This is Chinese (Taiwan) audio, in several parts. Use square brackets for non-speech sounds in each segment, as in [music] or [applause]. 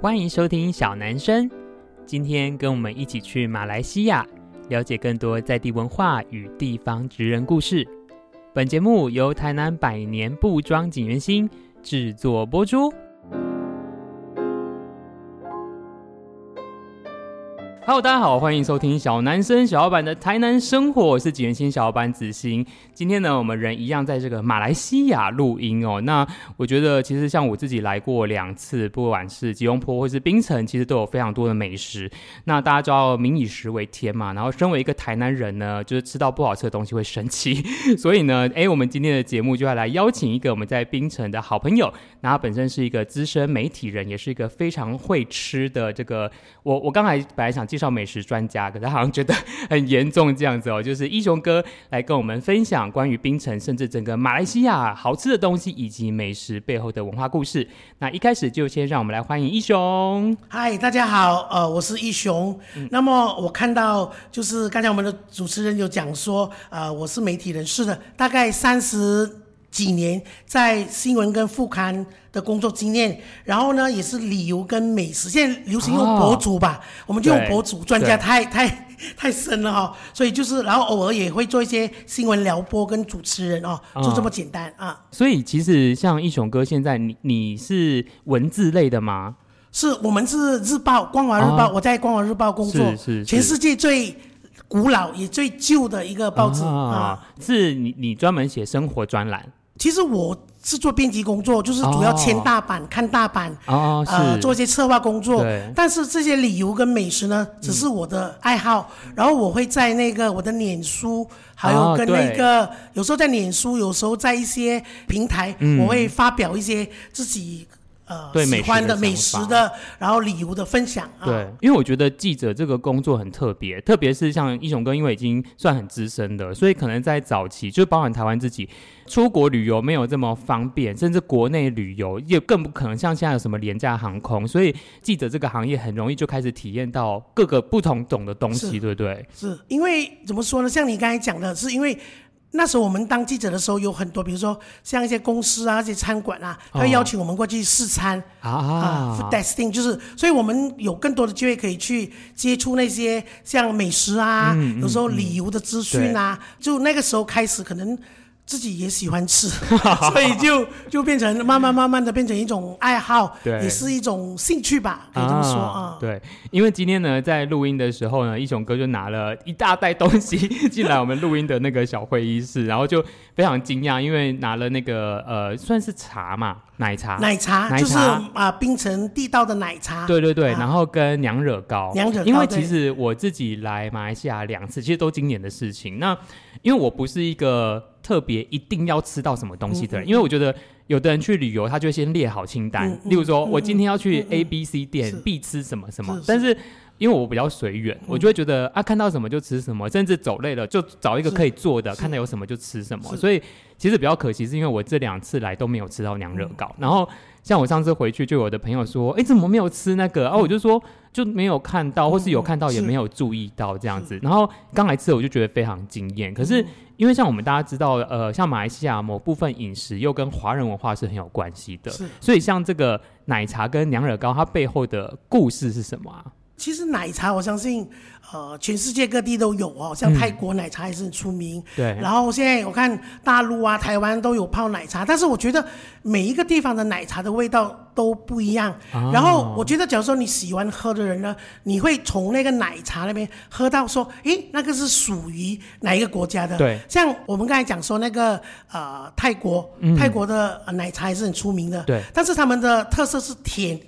歡迎收聽小男生，今天跟我們一起去馬來西亞，了解更多在地文化與地方職人故事。本節目由台南百年布莊錦源興製作播出。Hello，大家好，歡迎收聽小男生小老闆的台南生活。我是錦源興小老闆子欣。今天呢，我們人一樣在這個馬來西亞錄音哦。那我覺得，其實像我自己來過兩次，不管是吉隆坡或是檳城，其實都有非常多的美食。那大家知道民以食為天嘛，然後身為一個台南人呢，就是吃到不好吃的東西會生氣。所以呢，哎，我們今天的節目就要來邀請一個我們在檳城的好朋友，然後本身是一個資深媒體人，也是一個非常會吃的這個我。我剛才本來想介。介紹美食專家，可是他好像覺得很嚴重這樣子哦。就是一雄哥來跟我們分享關於檳城甚至整個馬來西亞好吃的東西以及美食背後的文化故事。那一開始就先讓我們來歡迎易雄。嗨，大家好，呃，我是易雄。嗯。那麼我看到就是剛才我們的主持人有講說，呃，我是媒體人士的，大概三十。幾年在新聞跟副刊的工作經驗，然後呢也是旅遊跟美食。現在流行用博主吧，哦、我們就用博主。對專家對太太太深了哈、哦，所以就是然後偶爾也會做一些新聞聊播跟主持人哦，就這麼簡單、嗯、啊。所以其實像易雄哥現在你你是文字類的嗎？是我們是日報《光華日報》哦，我在《光華日報》工作，是是是全世界最古老也最舊的一個報紙、哦、啊。是你你專門寫生活專欄。其實我是做編輯工作，就是主要簽大版，哦、看大版，啊，做一些策劃工作。對但是這些旅遊跟美食呢，只是我的愛好。嗯、然後我會在那個我的臉書，還有跟那個、哦、有時候在臉書，有時候在一些平台，嗯、我會發表一些自己。呃，喜歡的美食的，的食的然後理由的分享對啊。對，因為我覺得記者這個工作很特別，特別是像易雄哥，因為已經算很資深的，所以可能在早期，就包含台灣自己出國旅遊沒有這麼方便，甚至國內旅遊也更不可能像現在有什麼廉價航空，所以記者這個行業很容易就開始體驗到各個不同種的東西，是對不對？是因為怎麼說呢？像你剛才講的，是因為。那時候我們當記者的時候，有很多，比如說像一些公司啊、一些餐館啊，他邀請我們過去試餐啊，啊，food tasting，就是，所以我們有更多的機會可以去接觸那些像美食啊，嗯、有時候旅遊的資訊啊，嗯嗯、就那個時候開始可能。自己也喜歡吃，所以就就變成慢慢慢慢的變成一種愛好， [laughs] 對也是一種興趣吧，可以這麼說啊。說嗯、對，因為今天呢，在錄音的時候呢，易雄哥就拿了一大袋東西進來我們錄音的那個小會議室， [laughs] 然後就非常驚訝，因為拿了那個呃，算是茶嘛。奶茶，奶茶，奶茶就是啊、呃，檳城地道的奶茶。對對對，啊、然後跟娘惹糕，娘惹糕、哦。因為其實我自己來馬來西亞兩次，其實都今年的事情。對那因為我不是一個特別一定要吃到什麼東西的人，嗯嗯嗯、因為我覺得。有的人去旅遊，他就先列好清單，嗯嗯嗯、例如說我今天要去 A B C 店，必是吃什麼什麼。是是，但是因為我比較隨緣，我就會覺得、嗯、啊，看到什麼就吃什麼，嗯、甚至走累了就找一個可以坐的，是看到有什麼就吃什麼。是所以其實比較可惜，是因為我這兩次來都沒有吃到娘惹糕。嗯、然後像我上次回去，就有我的朋友說，哎、嗯欸，怎麼沒有吃那個？然、啊、後我就說。就沒有看到，或是有看到也沒有注意到這樣子。嗯、然後剛來吃，我就覺得非常驚艷。可是因為像我們大家知道，呃，像馬來西亞某部分飲食又跟華人文化是很有關係的，是所以像這個奶茶跟娘惹糕，它背後的故事是什麼啊？其實奶茶，我相信，呃，全世界各地都有哦，像泰國奶茶也是很出名。嗯、對。然後現在我看大陸啊、台灣都有泡奶茶，但是我覺得每一個地方的奶茶的味道都不一樣。哦、然後我覺得，假如說你喜歡喝的人呢，你會從那個奶茶那邊喝到說，誒，那個是屬於哪一個國家的？對。像我們剛才講說那個呃泰國，嗯、泰國的奶茶還是很出名的。對。但是他們的特色是甜。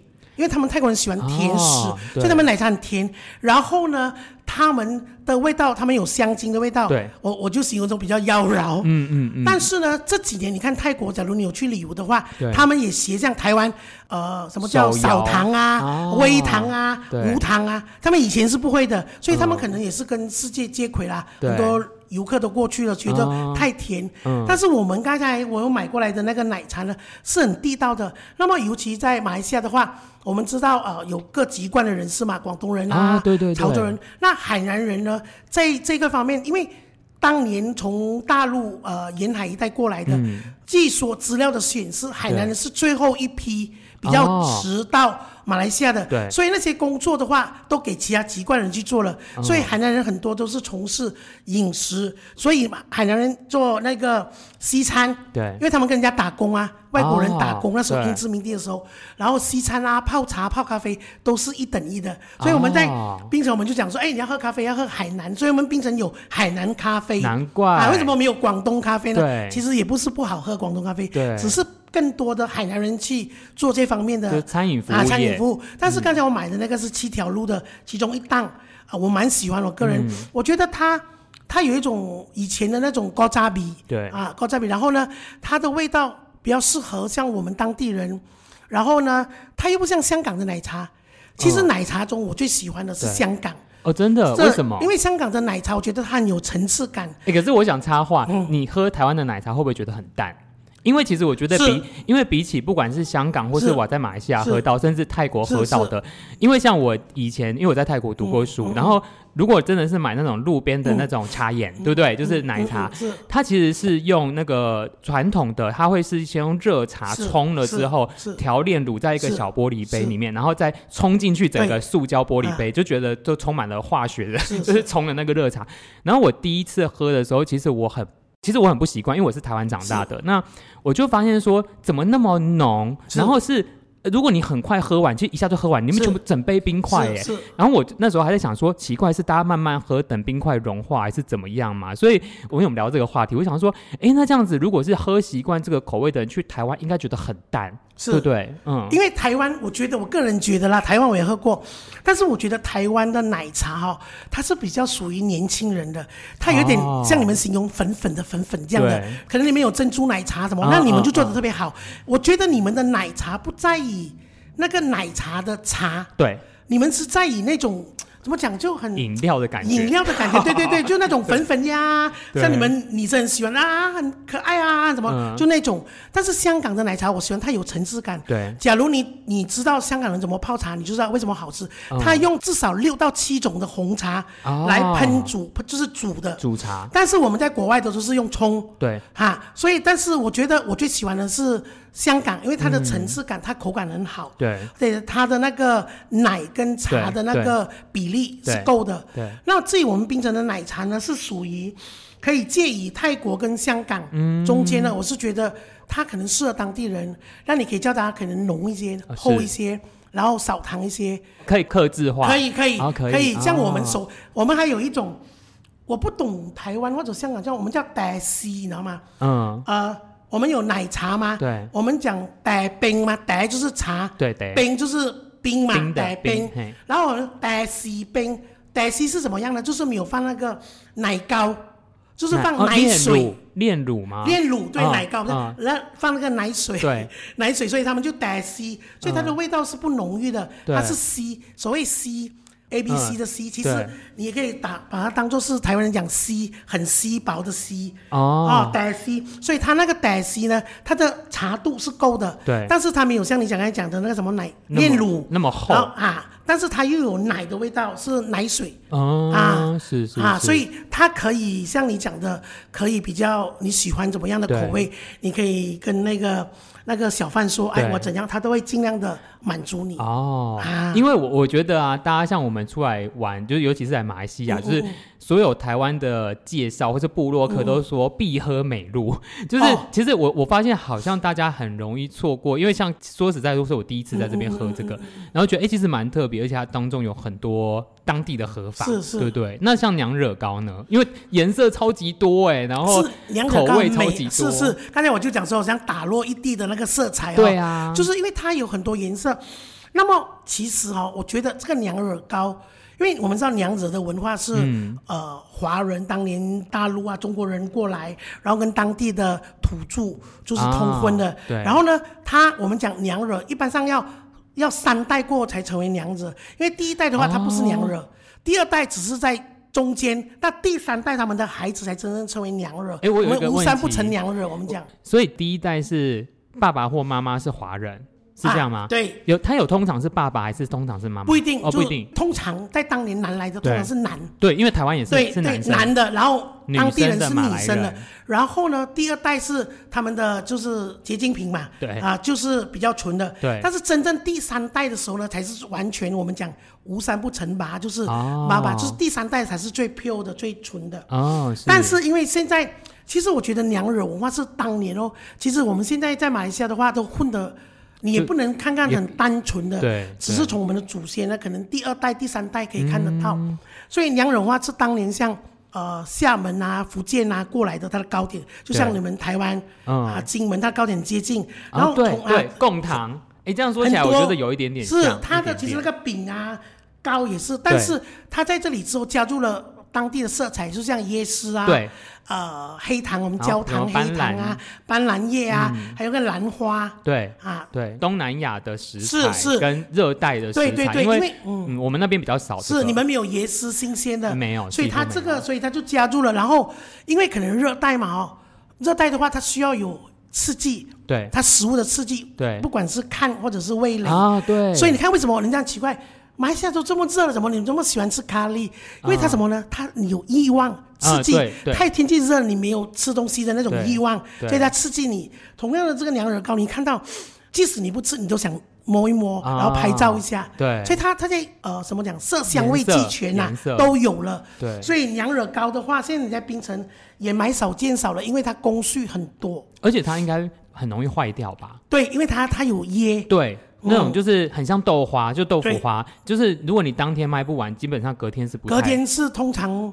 因為他們泰國人喜歡甜食，哦、所以他們奶茶很甜。然後呢，他們的味道，他們有香精的味道。對，我我就喜歡那種，種比較妖嬈，嗯。嗯嗯，但是呢，這幾年你看泰國，假如你有去旅遊的話，對他們也學像台灣，呃，什麼叫少糖啊，哦，微糖啊、對無糖啊？他們以前是不會的，所以他們可能也是跟世界接軌啦。嗯、很多。遊客都過去了，覺得太甜。哦嗯、但是我們剛才我又買過來的那個奶茶呢，是很地道的。那麼尤其在馬來西亞的話，我們知道啊、呃，有各籍貫的人士嘛，廣東人啊，啊對，對對，潮州人。那海南人呢，在這個方面，因為當年從大陸呃沿海一帶過來的，據、嗯、說資料的顯示，海南人是最後一批比較遲到。馬來西亞的，對所以那些工作的話，都給其他籍貫人去做了。哦、所以海南人很多都是從事飲食，所以海南人做那個西餐，對，因為他們跟人家打工啊。外國人打工，那時候英殖民地的時候，哦、然後西餐啊、泡茶、泡咖啡都是一等一的。所以我們在檳城，我們就講說：“哎、哦，你要喝咖啡，要喝海南。”所以我們檳城有海南咖啡。難怪啊！為什麼沒有廣東咖啡呢？對其實也不是不好喝廣東咖啡，對只是更多的海南人去做這方面的就餐飲服務、啊。餐飲服務。嗯、但是剛才我買的那個是七條路的其中一檔啊，我蠻喜歡。我個人，嗯、我覺得它它有一種以前的那種古早味，對啊，古早味。然後呢，它的味道。比較適合像我們當地人，然後呢，它又不像香港的奶茶。其實奶茶中，我最喜歡的是香港。哦，哦，真的？是為什麼？因為香港的奶茶，我覺得它很有層次感、欸。可是我想插話，嗯、你喝台灣的奶茶會不會覺得很淡？因為其實我覺得比，是因為比起不管是香港或是我在馬來西亞喝到，是甚至泰國喝到的，因為像我以前，因為我在泰國讀過書，嗯嗯、然後。如果真的是買那種路邊的那種茶飲，嗯、對不對？就是奶茶，嗯嗯嗯、它其實是用那個傳統的，它會是先用熱茶沖了之後調煉乳在一個小玻璃杯裡面，然後再沖進去整個塑膠玻璃杯，哎啊、就覺得就充滿了化學的，是是 [laughs] 就是沖了那個熱茶。然後我第一次喝的時候，其實我很，其實我很不習慣，因為我是台灣長大的，是那我就發現說怎麼那麼濃，然後是。如果你很快喝完，其實一下就喝完，你們全部整杯冰塊誒、欸、然後我那時候還在想說，奇怪，是大家慢慢喝，等冰塊融化，還是怎麼樣嘛？所以，我跟我們聊這個話題，我想說，哎，那這樣子，如果是喝習慣這個口味的人去台灣，應該覺得很淡。是對，對，嗯，因為台灣，我覺得我個人覺得啦，台灣我也喝過，但是我覺得台灣的奶茶哈、哦，它是比較屬於年輕人的，它有點像你們形容粉粉的粉粉這樣的，哦、可能你們有珍珠奶茶什麼，嗯、那你們就做得特別好。嗯嗯、我覺得你們的奶茶不在意那個奶茶的茶，對，你們是在意那種。怎麼講就很飲料的感覺，飲料的感覺， [laughs] 對對對，就那種粉粉呀，像你們女生很喜歡啊，很可愛啊，什麼、嗯、就那種。但是香港的奶茶，我喜歡它有層次感。對，假如你你知道香港人怎麼泡茶，你就知道為什麼好吃。它、嗯、用至少六到七種的紅茶來烹煮，哦、就是煮的。煮茶。但是我們在國外的都是用沖。對，哈，所以，但是我覺得我最喜歡的是。香港，因為它的層次感，它口感很好，對，對它的那個奶跟茶的那個比例是夠的。對，那至於我們檳城的奶茶呢，是屬於可以介於泰國跟香港中間呢。我是覺得它可能適合當地人，那你可以叫它可能濃一些、厚一些，然後少糖一些，可以客製化，可以可以可以，像我們手，我們還有一種，我不懂台灣或者香港叫我們叫 Teh C，你知道嗎？嗯啊。我們有奶茶嗎？對，我們講“帶冰”嘛，“帶”就是茶，對，“冰”就是冰嘛，“帶冰”。然後我們“帶稀冰”，“帶稀”是什麼樣的？就是沒有放那個奶糕，就是放奶水、煉乳嘛，煉乳對，奶糕，那放那個奶水，對，奶水，所以他們就“帶稀”，所以它的味道是不濃郁的，它是稀，所謂稀。A B C 的 C，、嗯、其實你也可以打，把它當做是台灣人講 C，很稀薄的 C，哦，淡 C，、啊、所以它那個淡 C 呢，它的茶度是夠的，對，但是它沒有像你講剛才講的那個什麼奶煉麼乳那麼厚，然後啊，但是它又有奶的味道，是奶水，哦，啊、是，是，是，是啊，所以它可以像你講的，可以比較你喜歡怎麼樣的口味，對你可以跟那個。那個小販說：“哎，對我怎樣，他都會盡量的滿足你哦啊，因為我我覺得啊，大家像我們出來玩，就是尤其是在馬來西亞，嗯嗯就是。”所有台灣的介紹或者部落客都說必喝美露，嗯嗯就是，其實我我發現好像大家很容易錯過，因為像說實在都是我第一次在這邊喝這個，嗯嗯嗯嗯然後覺得、欸、其實蠻特別，而且它當中有很多當地的喝法，是是對不對？那像娘惹糕呢？因為顏色超級多哎、欸，然後是娘口味超級多，是，是是。剛才我就講說，好像打落一地的那個色彩、喔，對啊，就是因為它有很多顏色。那麼其實哈、喔，我覺得這個娘惹糕。因為我們知道娘惹的文化是，嗯、呃，華人當年大陸啊中國人過來，然後跟當地的土著就是通婚的。哦、對。然後呢，他我們講娘惹一般上要要三代過後才成為娘惹，因為第一代的話、哦、他不是娘惹，第二代只是在中間，但第三代他們的孩子才真正成為娘惹。哎，我有一個問題。我們無三不成娘惹，我們講我。所以第一代是爸爸或媽媽是華人。是這樣嗎？對，有他有，通常是爸爸還是通常是媽媽？不一定哦，不一定。通常在當年男來的，通常是男。對，因為台灣也是是男男的，然後當地人是女生的，然後呢，第二代是他們的就是結晶品嘛，對啊，就是比較純的。對，但是真正第三代的時候呢，才是完全我們講無三不成八，就是爸爸就是第三代才是最 pure 的，最純的。哦，但是因為現在其實我覺得娘惹文化是當年哦，其實我們現在在馬來西亞的話都混的。你也不能看看很單純的，對對，只是從我們的祖先呢，可能第二代、第三代可以看得到。嗯、所以娘惹糕是當年像呃廈門啊、福建啊過來的，它的糕點，就像你們台灣、嗯、啊、金門，它糕點接近。然後對、啊、對，貢糖。貢糖誒，這樣說起來，我覺得有一點點是它的，其實那個餅啊、點點糕也是，但是它在這裡之後加入了。當地的色彩，就是像椰絲啊，呃，黑糖，我們焦糖黑糖啊，斑蘭葉啊，還有個蘭花，對啊，對東南亞的食材是，是跟熱帶的食材，因為我們那邊比較少，是你們沒有椰絲新鮮的，沒有，所以它這個，所以它就加入了。然後因為可能熱帶嘛哦，熱帶的話它需要有刺激，對它食物的刺激，對，不管是看或者是味蕾啊，對，所以你看為什麼人家很奇怪？馬來西亞都這麼熱了，怎麼你們這麼喜歡吃咖喱？因為它什麼呢？嗯、它你有欲望刺激。嗯、太天氣熱了，你沒有吃東西的那種欲望，所以它刺激你。同樣的，這個娘惹糕，你看到，即使你不吃，你都想摸一摸，嗯、然後拍照一下。對，所以它它在呃，什麼講，色香味俱全吶，啊，都有了。對，所以娘惹糕的話，現在你在檳城也買少見少了，因為它工序很多，而且它應該很容易壞掉吧？對，因為它它有椰。對。那種就是很像豆花，嗯、就豆腐花，對就是如果你當天賣不完，基本上隔天是不。隔天是通常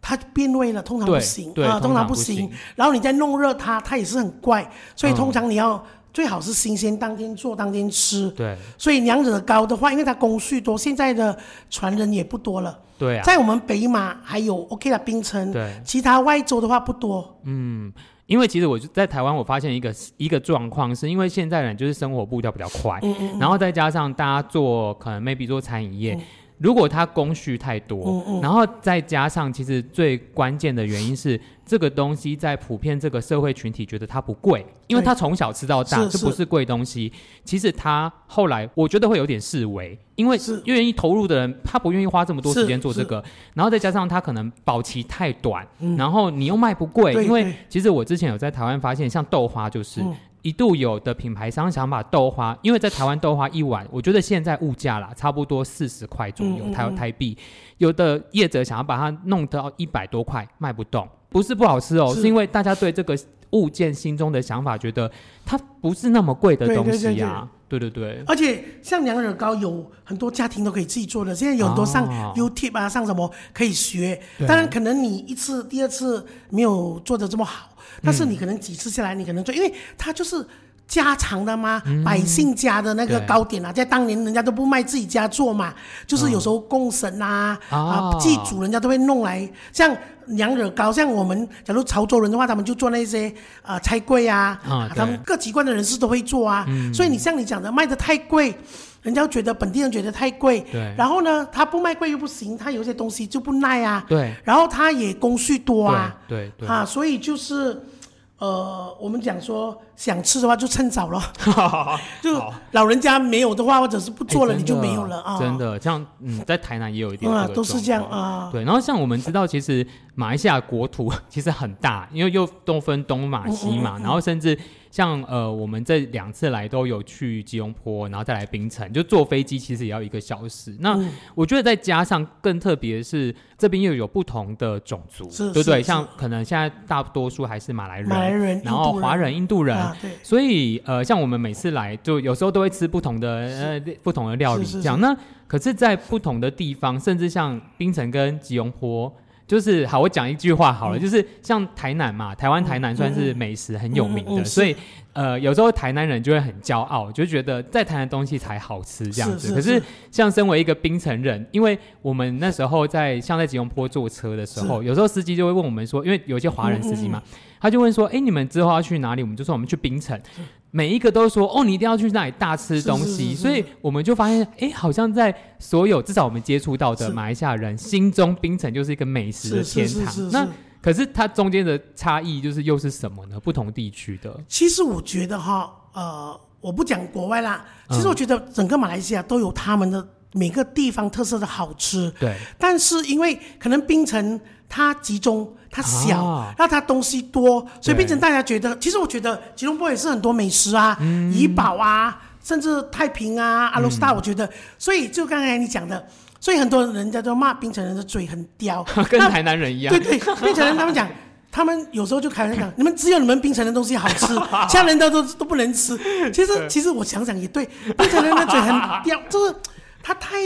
它變味了，通常不行啊，對對呃、通常不行。然後你再弄熱它，它也是很怪，所以通常你要、嗯、最好是新鮮，當天做當天吃。對。所以娘惹糕的話，因為它工序多，現在的傳人也不多了。對啊。在我們北馬還有 OK 的檳城，對，其他外州的話不多。嗯。因為其實我就在台灣，我發現一個一個狀況，是因為現在人就是生活步調比較快，嗯嗯，然後再加上大家做可能 maybe 做餐飲業。嗯如果它工序太多，哦哦然後再加上其實最關鍵的原因是，這個東西在普遍這個社會群體覺得它不貴，因為它從小吃到大，這不是貴東西。是是，其實它後來我覺得會有點式微，因為願意投入的人他不願意花這麼多時間做這個，是是然後再加上它可能保期太短，嗯、然後你又賣不貴，對因為其實我之前有在台灣發現，像豆花就是。嗯一度有的品牌商想把豆花，因為在台灣豆花一碗，我覺得現在物價啦，差不多四十塊左右、嗯嗯、台台幣。有的業者想要把它弄到一百多塊賣不動，不是不好吃哦，是,是因為大家對這個物件心中的想法，覺得它不是那麼貴的東西啊。對對對。而且像娘惹糕，有很多家庭都可以自己做的。現在有很多上 YouTube 啊,啊，上什麼可以學。對當然，可能你一次、第二次沒有做的這麼好。但是你可能幾次下來，你可能做，嗯、因為它就是家常的嘛，嗯、百姓家的那個糕點啊，對在當年人家都不賣自己家做嘛，嗯、就是有時候供神啊、哦、啊祭祖，人家都會弄來，像娘惹糕，像我們假如潮州人的話，他們就做那些啊、呃、菜粿啊，他們各籍貫的人士都會做啊，嗯、所以你像你講的賣得太貴。人家覺得本地人覺得太貴，對，然後呢，他不賣貴又不行，他有些東西就不耐啊，對，然後他也工序多啊，對對，啊，所以就是，呃，我們講說想吃的話就趁早了，就老人家沒有的話或者是不做了，你就沒有了啊，真的，像嗯，在台南也有一點，都是這樣啊，對，然後像我們知道，其實馬來西亞國土其實很大，因為又都分東馬西馬，然後甚至。像呃，我們這兩次來都有去吉隆坡，然後再來檳城，就坐飛機其實也要一個小時。那、嗯、我覺得再加上更特別的是，這邊又有不同的種族，是對不對？像可能現在大多數還是馬來人，馬來人、然後華人、印度人，啊、對、所以呃，像我們每次來，就有時候都會吃不同的是呃不同的料理這樣呢。那可是，在不同的地方，甚至像檳城跟吉隆坡。就是好，我講一句話好了，嗯、就是像台南嘛，台灣台南算是美食很有名的，嗯嗯嗯嗯、所以。呃，有時候台南人就會很驕傲，就覺得在台南的東西才好吃這樣子。可是像身為一個檳城人，因為我們那時候在像在吉隆坡坐車的時候，有時候司機就會問我們說，因為有些華人司機嘛，他就問說，哎，你們之後要去哪裡？我們就說我們去檳城，每一個都說，哦，你一定要去那裡大吃東西。所以我們就發現，哎，好像在所有至少我們接觸到的馬來西亞人心中，檳城就是一個美食的天堂。那。可是它中間的差異就是又是什麼呢？不同地區的，其實我覺得哈，呃，我不講國外啦。其實我覺得整個馬來西亞都有他們的每個地方特色的好吃。對、嗯。但是因為可能檳城它集中，它小，那、哦、它東西多，所以檳城大家覺得，對其實我覺得吉隆坡也是很多美食啊，怡保、嗯、啊，甚至太平啊，亞羅士打，我覺得，嗯、所以就剛才你講的。所以很多人人家都罵檳城人的嘴很刁，跟台南人一樣。對對，檳城人他們講， [laughs] 他們有時候就開玩笑講， [laughs] 你們只有你們檳城的東西好吃，其他 [laughs] 人家都都都不能吃。其實其實我想想也對，檳城人的嘴很刁，就是他太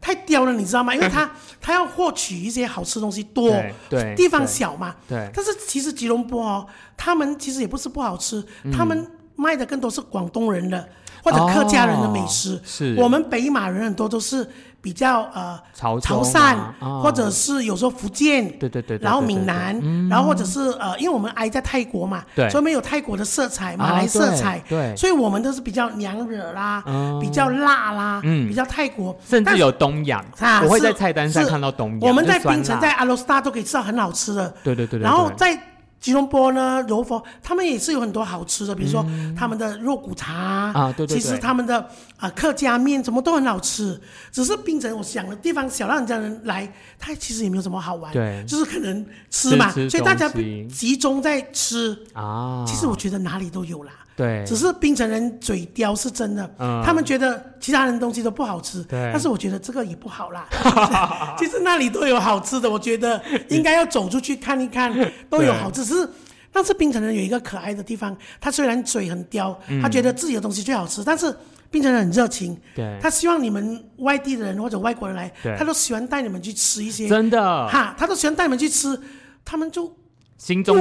太刁了，你知道嗎？因為他他要獲取一些好吃的東西多，對對，地方小嘛。對。對但是其實吉隆坡哦，他們其實也不是不好吃，他、嗯、們賣的更多是廣東人的。或者客家人的美食，是。我們北馬人很多都是比較呃潮潮汕，或者是有時候福建，對對對，然後閩南，然後或者是呃，因為我們挨在泰國嘛，對，所以沒有泰國的色彩，馬來色彩，對，所以我們都是比較娘惹啦，比較辣啦，嗯，比較泰國，甚至有東洋，我會在菜單上看到東洋。我們在檳城、在阿羅士打都可以吃到很好吃的，對對對對。然後在吉隆坡呢，柔佛，他們也是有很多好吃的，比如說他們的肉骨茶、嗯、啊，對，對，對，其實他們的啊、呃、客家麵什麼都很好吃，只是檳城，我想的地方小，讓人家人來，他其實也沒有什麼好玩，對，就是可能吃嘛，吃，所以大家集中在吃啊，其實我覺得哪裡都有啦。對，只是檳城人嘴刁是真的，嗯，他們覺得其他人東西都不好吃，對，但是我覺得這個也不好啦，其實那裡都有好吃的，我覺得應該要走出去看一看，對，都有好吃。只是，但是檳城人有一個可愛的地方，他雖然嘴很刁，他覺得自己的東西最好吃，但是檳城人很熱情，對。他希望你們外地的人或者外國人來，對，他都喜歡帶你們去吃一些，真的，哈，他都喜歡帶你們去吃，他們就。盡所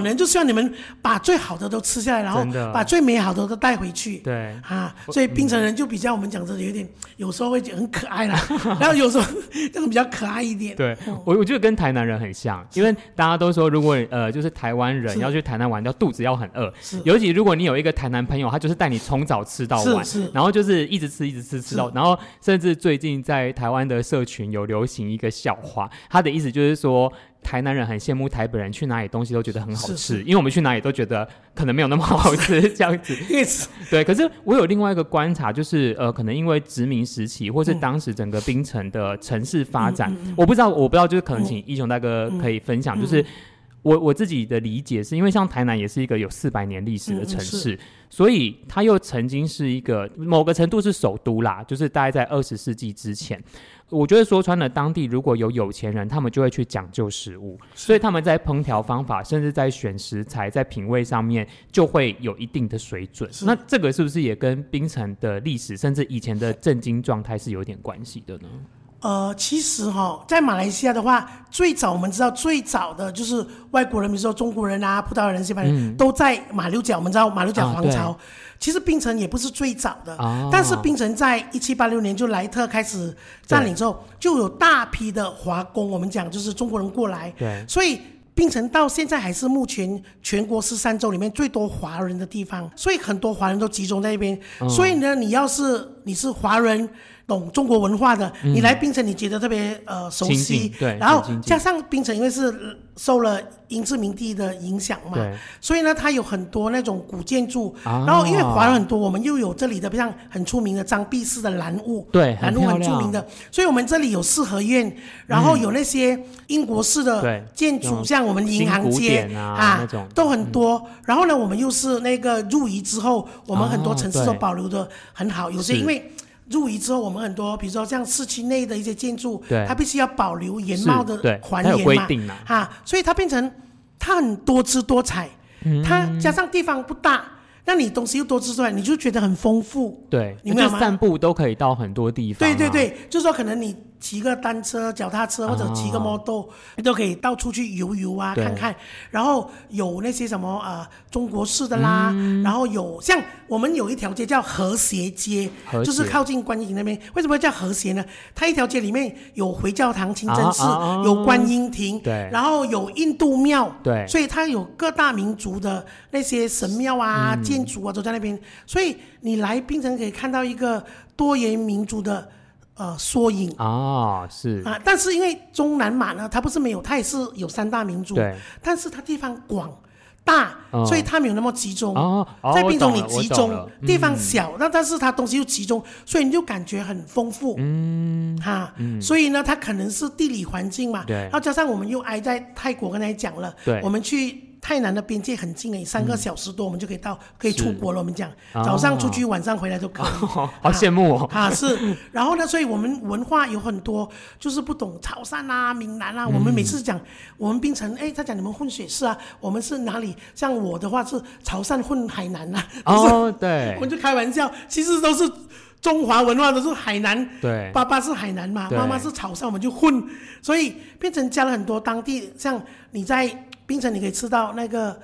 能，就希望你們把最好的都吃下來，然後把最美好的都帶回去。對，啊，所以檳城人就比較我們講的有點，有時候會覺得很可愛啦。然後有時候這種比較可愛一點。對，我我覺得跟台南人很像，因為大家都說，如果呃，就是台灣人要去台南玩，要肚子要很餓。是。尤其如果你有一個台南朋友，他就是帶你從早吃到晚，是是。然後就是一直吃，一直吃，吃到然後甚至最近在台灣的社群有流行一個笑話，他的意思就是說。台南人很羨慕台北人去哪裡東西都覺得很好吃，因為我們去哪裡都覺得可能沒有那麼好吃這樣子。對，可是我有另外一個觀察，就是呃，可能因為殖民時期或是當時整個檳城的城市發展，我不知道，我不知道，就是可能請易雄大哥可以分享，就是。我我自己的理解是因為像台南也是一個有四百年歷史的城市，嗯、所以它又曾經是一個某個程度是首都啦，就是大概在二十世紀之前。我覺得說穿了，當地如果有有錢人，他們就會去講究食物，是所以他們在烹調方法，甚至在選食材、在品味上面就會有一定的水準。是那這個是不是也跟檳城的歷史，甚至以前的政經狀態是有點關係的呢？嗯呃，其實哈、哦，在馬來西亞的話，最早我們知道最早的就是外國人，比如說中國人啊、葡萄牙人、西班牙人、嗯、都在馬六甲。我們知道馬六甲皇朝，啊、其實檳城也不是最早的，哦、但是檳城在一七八六年就萊特開始佔領之後，對就有大批的華工，我們講就是中國人過來。對，所以檳城到現在還是目前全國十三州裡面最多華人的地方，所以很多華人都集中在那邊。嗯、所以呢，你要是你是華人。懂中國文化的，你來檳城你覺得特別呃熟悉，對，然後加上檳城因為是受了英殖民地的影響嘛，所以呢它有很多那種古建築，然後因為華人很多，我們又有這裡的像很出名的張弼士的藍屋，對，藍屋很著名的，所以我們這裡有四合院，然後有那些英國式的建築，建築像我們銀行街啊那種都很多，然後呢我們又是那個入遺之後，我們很多城市都保留的很好，有些因為。入遺之後，我們很多，比如說像市區內的一些建築，對它必須要保留原貌的還原嘛，哈、啊啊，所以它變成它很多姿多彩，嗯、它加上地方不大，那你東西又多姿多彩，你就覺得很豐富，對，你沒有嗎？散步都可以到很多地方，啊，對對對，就是說可能你。騎個單車、腳踏車或者騎個摩托、哦，你都可以到處去遊遊啊，對看看。然後有那些什麼啊、呃，中國式的啦，嗯、然後有像我們有一條街叫和諧街，諧就是靠近觀音亭那邊。為什麼叫和諧呢？它一條街裡面有回教堂、清真寺，哦、有觀音亭，哦、然後有印度廟，對所以它有各大民族的那些神廟啊、嗯、建築啊都在那邊。所以你來檳城可以看到一個多元民族的。呃，縮影啊，是啊，但是因為中南馬呢，它不是沒有，它也是有三大民族，對，但是它地方廣大，所以它沒有那麼集中哦，在檳城你集中，地方小，那但是它東西又集中，所以你就感覺很豐富，嗯，哈，嗯，所以呢，它可能是地理環境嘛，對，然後加上我們又挨在泰國，剛才講了，對，我們去。泰南的邊界很近誒，三個小時多我們就可以到，可以出國了。我們講早上出去，晚上回來都可以。好羨慕哦！啊，是。然後呢，所以我們文化有很多，就是不懂潮汕啊、閩南啊。我們每次講我們檳城，哎，他講你們混血是啊，我們是哪裡？像我的話是潮汕混海南啊。哦，對。我們就開玩笑，其實都是中華文化，都是海南。對。爸爸是海南嘛，媽媽是潮汕，我們就混，所以變成加了很多當地。像你在。檳城你可以吃到那個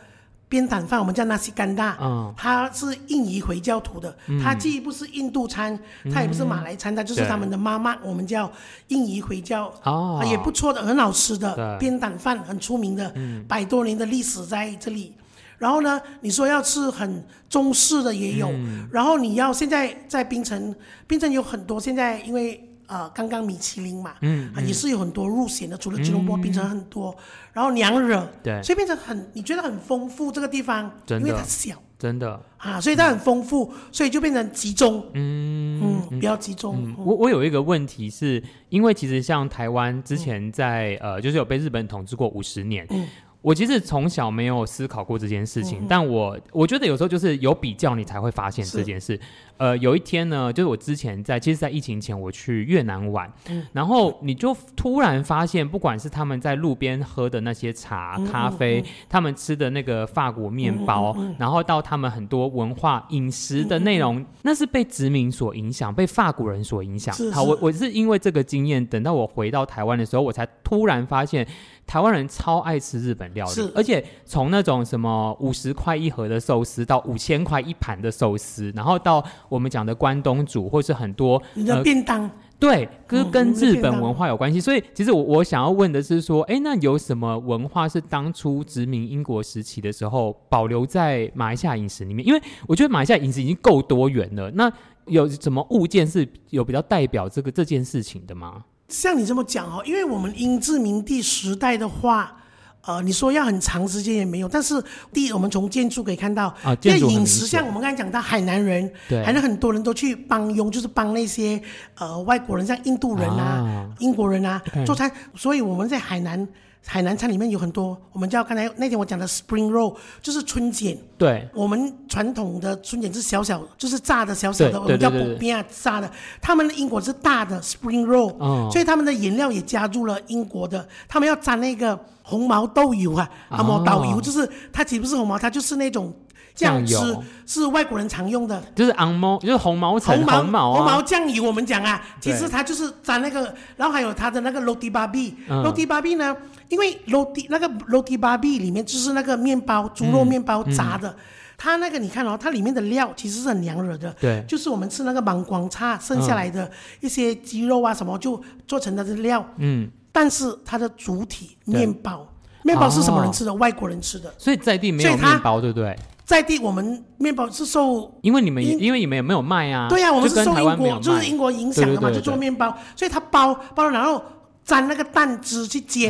邊檔飯，我們叫納西甘搭。他是印尼回教徒的，他、嗯、既不是印度餐，他也不是馬來餐，他、嗯、就是他們的媽媽，對我們叫印尼回教，oh, 它也不錯的，很好吃的邊檔對飯，很出名的，嗯、百多年的歷史在這裡。然後呢，你說要吃很中式的也有，嗯、然後你要現在在檳城，檳城有很多現在因為。呃，剛剛米其林嘛，嗯、嗯、啊，也是有很多入選的，除了吉隆坡，檳城、嗯、很多，然後娘惹，對，所以變成很，你覺得很豐富這個地方，真的，因為它小，真的啊，所以它很豐富，嗯、所以就變成集中，嗯嗯，比較、嗯、集中。嗯嗯、我我有一個問題是，是因為其實像台灣之前在、嗯、呃，就是有被日本統治過五十年。嗯我其實從小沒有思考過這件事情，嗯嗯，但我我覺得有時候就是有比較你才會發現這件事。是呃，有一天呢，就是我之前在，其實，在疫情前我去越南玩，嗯、然後你就突然發現，不管是他們在路邊喝的那些茶、咖啡，嗯嗯嗯，他們吃的那個法國麵包，嗯嗯嗯，然後到他們很多文化飲食的內容，嗯嗯嗯，那是被殖民所影響，被法國人所影響。是是好，我我是因為這個經驗，等到我回到台灣的時候，我才突然發現。台灣人超愛吃日本料理，是而且從那種什麼五十塊一盒的壽司，到五千塊一盤的壽司，然後到我們講的關東煮，或是很多你的便當，呃、對，跟跟日本文化有關係。所以其實我我想要問的是說，哎、欸，那有什麼文化是當初殖民英國時期的時候保留在馬來西亞飲食裡面？因為我覺得馬來西亞飲食已經夠多元了。那有什麼物件是有比較代表這個這件事情的嗎？像你這麼講哦因為我們英殖民地時代的話，呃，你說要很長時間也沒有，但是第一，我們從建築可以看到啊，建築因為飲食像我們剛才講到海南人，對，海南很多人都去幫傭，就是幫那些呃外國人，像印度人啊、啊英國人啊、嗯、做餐，所以我們在海南。海南菜裡面有很多，我們叫剛才那天我講的 spring roll，就是春捲，對。我們傳統的春捲是小小，就是炸的小小的，對 我們叫薄餅啊炸的。他們的英國是大的 spring roll，、嗯、所以他們的原料也加入了英國的。他們要沾那個紅毛豆油啊，阿、啊、毛、哦、豆油就是它，豈不是紅毛？它就是那種。醬油是外國人常用的，就是昂毛，就是紅毛紅毛紅毛醬油。我們講啊，其實它就是沾那個，然後還有它的那個樓梯巴比。樓梯巴比呢，因為樓梯那個樓梯巴比裡面就是那個麵包，豬肉麵包炸的。它那個你看哦，它裡面的料其實是很娘惹的，對，就是我們吃那個盲光叉剩下來的一些雞肉啊什麼，就做成它的料。嗯，但是它的主體麵包，麵包是什麼人吃的？外國人吃的，所以在地沒有麵包，對不對？在地我們麵包是受，因為你們因為你們也沒有賣啊，對啊，我們是受英國，就是英國影響的嘛，就做面包，所以它包包了然後沾那個蛋汁去煎，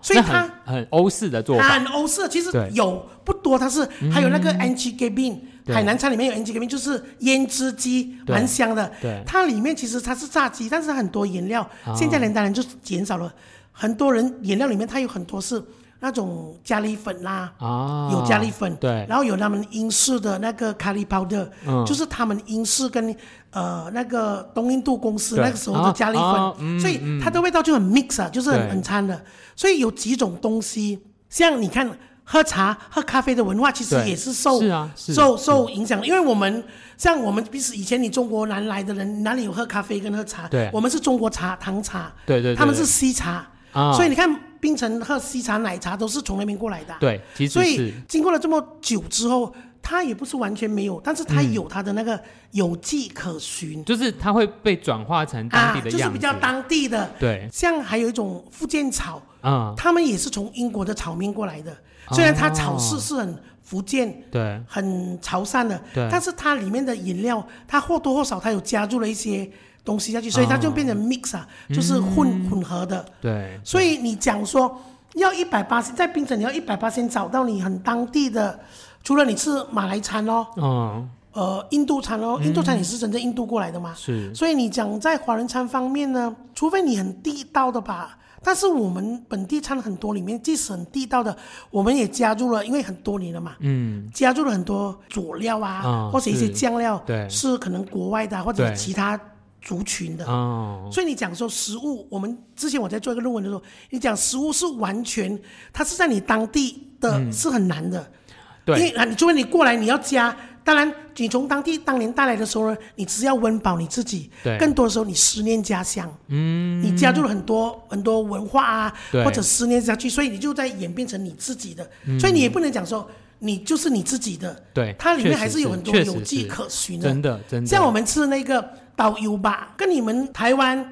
所以它很歐式的做法，很歐式。其實有不多，它是還有那個 n g k g b i n 海南菜裡面有 n g k g b i n 就是醃汁雞，蠻香的。對，它裡面其實它是炸雞，但是它很多醃料，現在人當然就減少了，很多人醃料裡面它有很多是。那種咖喱粉啦，啊，有咖喱粉，對，然後有他們英式的那個咖喱 powder，就是他們英式跟，呃、那個東印度公司那個時候的咖喱粉，所以它的味道就很 mix 啊，就是很很摻的。所以有幾種東西，像你看喝茶、喝咖啡的文化，其實也是受受受影響，因為我們像我們比如以前你中國南來的人哪裡有喝咖啡跟喝茶？對，我們是中國茶，唐茶，對對，他們是西茶，所以你看。檳城喝西茶奶茶都是從那邊過來的，對，其實是所以經過了這麼久之後，它也不是完全沒有，但是它有它的那個有跡可循，嗯、就是它會被轉化成當地的、啊、就是比較當地的，對，像還有一種福建草，嗯，他們也是從英國的草面過來的，嗯、雖然它草是是很福建，對，很潮汕的，對，但是它裡面的飲料，它或多或少它有加入了一些。東西下去，所以它就變成 mix 啊，哦、就是混、嗯、混合的。對，所以你講說要一百八十，在檳城你要一百八十先找到你很當地的，除了你吃馬來餐哦，呃，印度餐哦，印度餐也是真正印度過來的嘛。是、嗯。所以你講在華人餐方面呢，除非你很地道的吧，但是我們本地餐很多裡面，即使很地道的，我們也加入了，因為很多年了嘛，嗯，加入了很多佐料啊，哦、或者一些醬料，是對，是可能國外的，或者是其他。族群的哦，所以你講說食物，我們之前我在做一個論文的時候，你講食物是完全，它是在你當地的、嗯、是很難的，對，因為啊，你作為你過來你要加，當然你從當地當年帶來的時候呢，你只要溫飽你自己，對更多的時候你思念家鄉，嗯，你加入了很多很多文化啊，對或者思念家鄉，所以你就在演變成你自己的，嗯、所以你也不能講說你就是你自己的，對，它裡面還是有很多有跡可循的，真的真的，像我們吃的那個。導遊吧，跟你們台灣、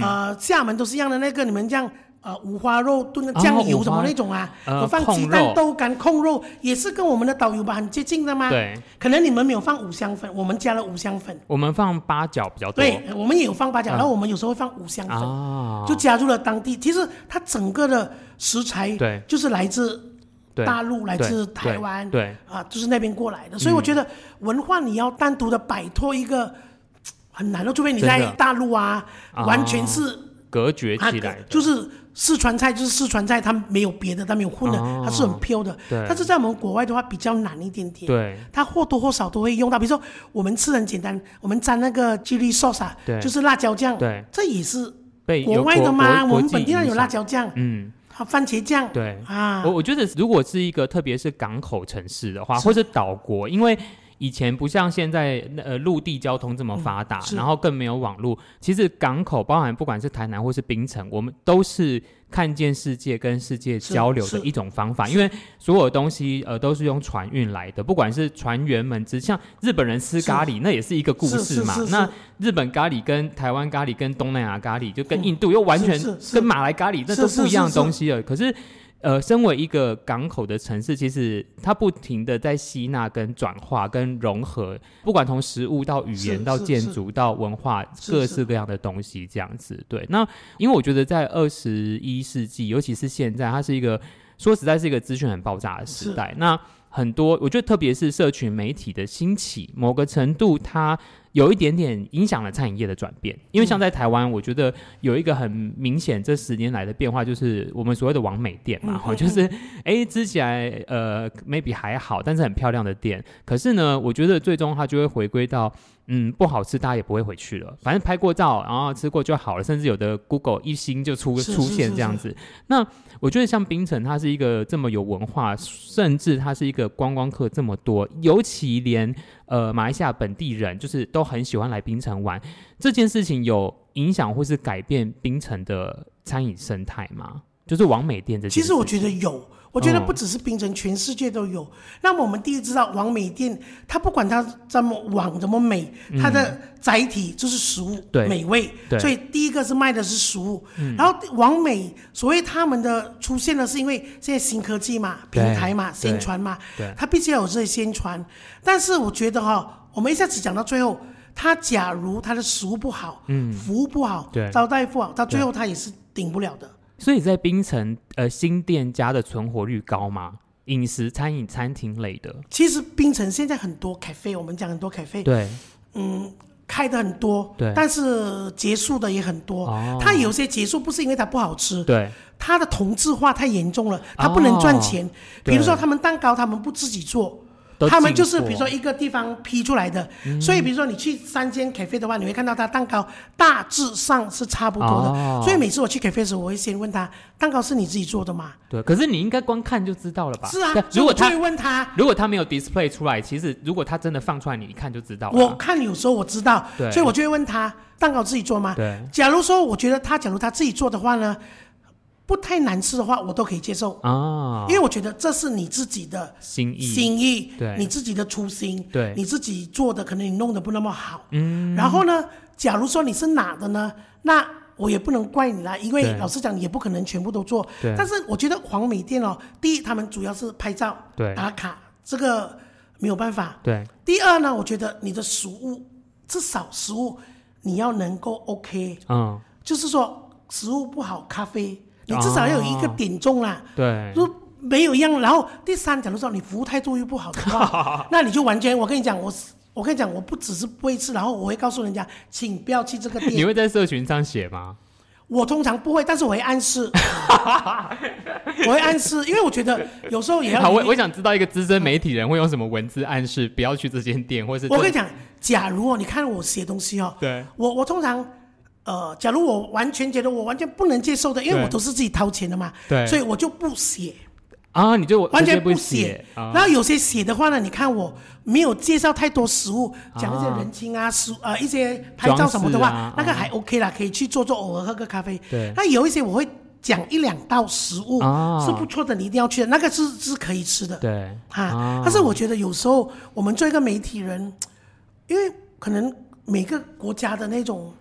呃廈門都是一樣的那個，你們這樣呃五花肉燉的醬油什麼那種啊，有放雞蛋豆乾控肉也是跟我們的導遊吧很接近的嗎？對，可能你們沒有放五香粉，我們加了五香粉，我們放八角比較多。對，我們也有放八角，然後我們有時候會放五香粉，就加入了當地。其實它整個的食材對，就是來自大陸，來自台灣，對啊，就是那邊過來的。所以我覺得文化你要單獨的擺脫一個。很難，除非你在大陸啊，完全是隔絕起來，就是四川菜就是四川菜，它沒有別的，它沒有混的，它是很飄的。對，但是在我們國外的話比較難一點點。對，它或多或少都會用到，比如說我們吃很簡單，我們沾那個 chili sauce，就是辣椒醬，這也是國外的嘛。我們本地上有辣椒醬，嗯，番茄醬，對啊。我我覺得如果是一個特別是港口城市的話，或者島國，因為。以前不像現在，呃陸地交通這麼發達，嗯、然後更沒有網路。其實港口，包含不管是台南或是檳城，我們都是看見世界跟世界交流的一種方法。因為所有東西呃都是用船運來的，不管是船員們，只像日本人吃咖喱，是那也是一個故事嘛。那日本咖喱跟台灣咖喱跟東南亞咖喱，就跟印度又完全跟馬來咖喱、嗯、那都不一樣東西了。是是是是是，可是。呃，身為一個港口的城市，其實它不停的在吸納、跟轉化、跟融合，不管從食物到語言、到建築、到文化，是是是各式各樣的東西這樣子。對，那因為我覺得在二十一世紀，尤其是現在，它是一個說實在是一個資訊很爆炸的時代。是是那很多，我覺得特別是社群媒體的興起，某個程度它。有一點點影響了餐飲業的轉變，因為像在台灣，我覺得有一個很明顯這十年來的變化，就是我們所謂的網美店嘛，哈， [laughs] 就是哎、欸，吃起來呃，maybe 還好，但是很漂亮的店，可是呢，我覺得最終它就會回歸到，嗯，不好吃，大家也不會回去了，反正拍過照，然後吃過就好了，甚至有的 Google 一星就出是是是是出現這樣子。是是是那我覺得像檳城，它是一個這麼有文化，甚至它是一個觀光客這麼多，尤其連。呃，馬來西亞本地人就是都很喜歡來檳城玩，這件事情有影響或是改變檳城的餐飲生態嗎？就是網美店這件事其實我覺得有。我覺得不只是檳城，哦、全世界都有。那麼我們第一次知道網美店，它不管它怎麼網怎麼美，它的載體就是食物、嗯、美味。對所以第一個是賣的是食物。嗯、然後網美，所謂他們的出現呢，是因為現在新科技嘛，平台嘛，宣對傳嘛，對，對它必須要有這些宣傳。但是我覺得哈、哦，我們一下子講到最後，它假如它的食物不好，嗯，服務不好，對，招待不好，它最後它也是頂不了的。所以在檳城，呃，新店家的存活率高嗎？飲食、餐飲、餐廳類的。其實檳城現在很多 cafe，我們講很多 cafe，對，嗯，開的很多，對，但是結束的也很多。哦、它有些結束不是因為它不好吃，對，它的同質化太嚴重了，它不能賺錢。哦、對，比如說他們蛋糕，他們不自己做。他們就是比如說一個地方批出來的，嗯、所以比如說你去三間 cafe 的話，你會看到他蛋糕大致上是差不多的。哦、所以每次我去 cafe 的時候，我會先問他，蛋糕是你自己做的嗎、嗯？對，可是你應該光看就知道了吧？是啊，如果他，會問他，如果他沒有 display 出來，其實如果他真的放出來，你一看就知道。我看有時候我知道，對所以我就會問他蛋糕自己做嗎？對，假如說我覺得他假如他自己做的話呢？不太難吃的話，我都可以接受啊，哦、因為我覺得這是你自己的心意，心意，對你自己的初心，對，你自己做的可能你弄得不那麼好，嗯，然後呢，假如說你是哪的呢，那我也不能怪你啦，因為老實講也不可能全部都做，對但是我覺得黃美店哦，第一他們主要是拍照，對打卡，這個沒有辦法，對，第二呢，我覺得你的食物至少食物你要能夠 OK，哦、就是說食物不好，咖啡。你至少要有一個點中啦，哦，對，就沒有一樣。然後第三講的時候，你服務態度又不好的話， [laughs] 那你就完全，我跟你講，我我跟你講，我不只是不會吃，然後我會告訴人家，請不要去這個店。你會在社群上寫嗎？我通常不會，但是我會暗示， [laughs] 我會暗示，因為我覺得有時候也要。好，我我想知道一個資深媒體人會用什麼文字暗示不要去這間店，或是我跟你講，假如哦，你看我寫東西哦，對我我通常。呃，假如我完全覺得我完全不能接受的，因為我都是自己掏錢的嘛，對，所以我就不寫啊。你就完全不寫，然後有些寫的話呢，你看我沒有介紹太多食物，講一些人情啊、食呃，一些拍照什麼的話，那個還 OK 啦，可以去做做，偶爾喝個咖啡。對，那有一些我會講一兩道食物是不錯的，你一定要去的，那個是是可以吃的。對，啊，但是我覺得有時候我們做一個媒體人，因為可能每個國家的那種。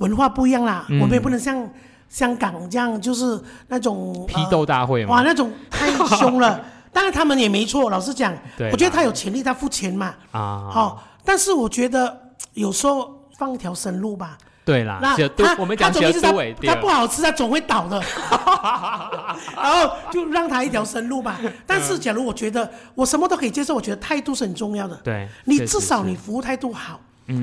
文化不一樣啦，我們也不能像香港這樣，就是那種批鬥大會，哇，那種太兇了。當然他們也沒錯，老實講，我覺得他有潛力，他付錢嘛，啊，好。但是我覺得有時候放一條生路吧。對啦，那他他總是他他不好吃，他總會倒的，然後就讓他一條生路吧。但是假如我覺得我什麼都可以接受，我覺得態度是很重要的。對，你至少你服務態度好。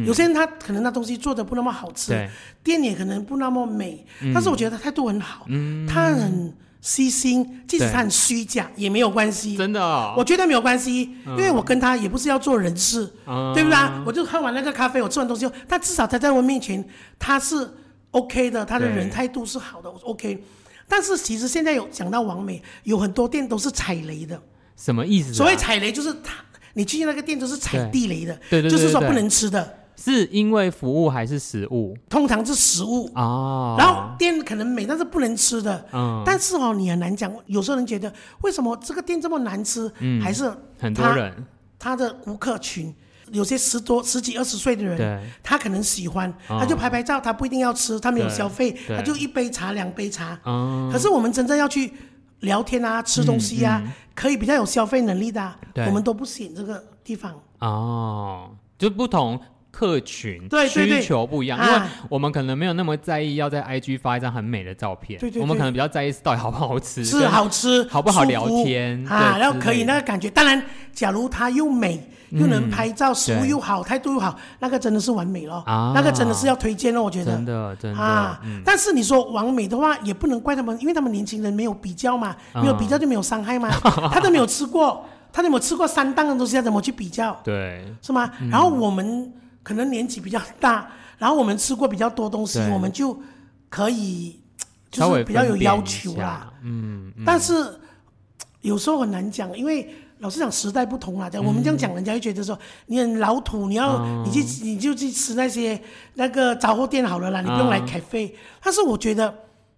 有些人他可能那東西做得不那麼好吃，店也可能不那麼美，但是我覺得他態度很好，他很細心，即使他很虛假也沒有關係。真的，我覺得沒有關係，因為我跟他也不是要做人事，對不對啊？我就喝完那個咖啡，我吃完東西，他至少他在我面前他是 OK 的，他的人態度是好的，我說 OK。但是其實現在有講到網美，有很多店都是踩雷的。什麼意思？所謂踩雷就是他。你去那個店就是踩地雷的，對對，就是說不能吃的，是因為服務還是食物？通常是食物哦，oh, 然後店可能美，但是不能吃的。嗯，oh. 但是哦，你很難講，有時候人覺得為什麼這個店這麼難吃？嗯，還是他很多人他的顧客群有些十多、十幾、二十歲的人，oh. 他可能喜歡，他就拍拍照，他不一定要吃，他沒有消費，oh. 他就一杯茶、兩杯茶。哦，oh. 可是我們真正要去。聊天啊，吃東西啊，嗯嗯、可以比較有消費能力的，啊，對，我們都不吸引這個地方。哦，就不同客群，對需求不一樣，對對對啊，因為我們可能沒有那麼在意要在 IG 發一張很美的照片。對對對，我們可能比較在意到底好不好吃，吃好，好，好吃，好不好聊天啊，然後可以那個感覺。當然，假如它又美。又能拍照，食物又好，態度又好，那個真的是完美了，那個真的是要推薦了，我覺得。真的，真的啊。但是你說完美的話，也不能怪他們，因為他們年輕人沒有比較嘛，沒有比較就沒有傷害嘛。他都沒有吃過，他都沒有吃過三檔的東西，要怎麼去比較？對，是嗎？然後我們可能年紀比較大，然後我們吃過比較多東西，我們就可以就是比較有要求啦。嗯。但是有時候很難講，因為。老實講，時代不同了，我們這樣講，人家會覺得說你很老土。你要你去你就去吃那些那個雜貨店好了啦，你不用來 café。但是我覺得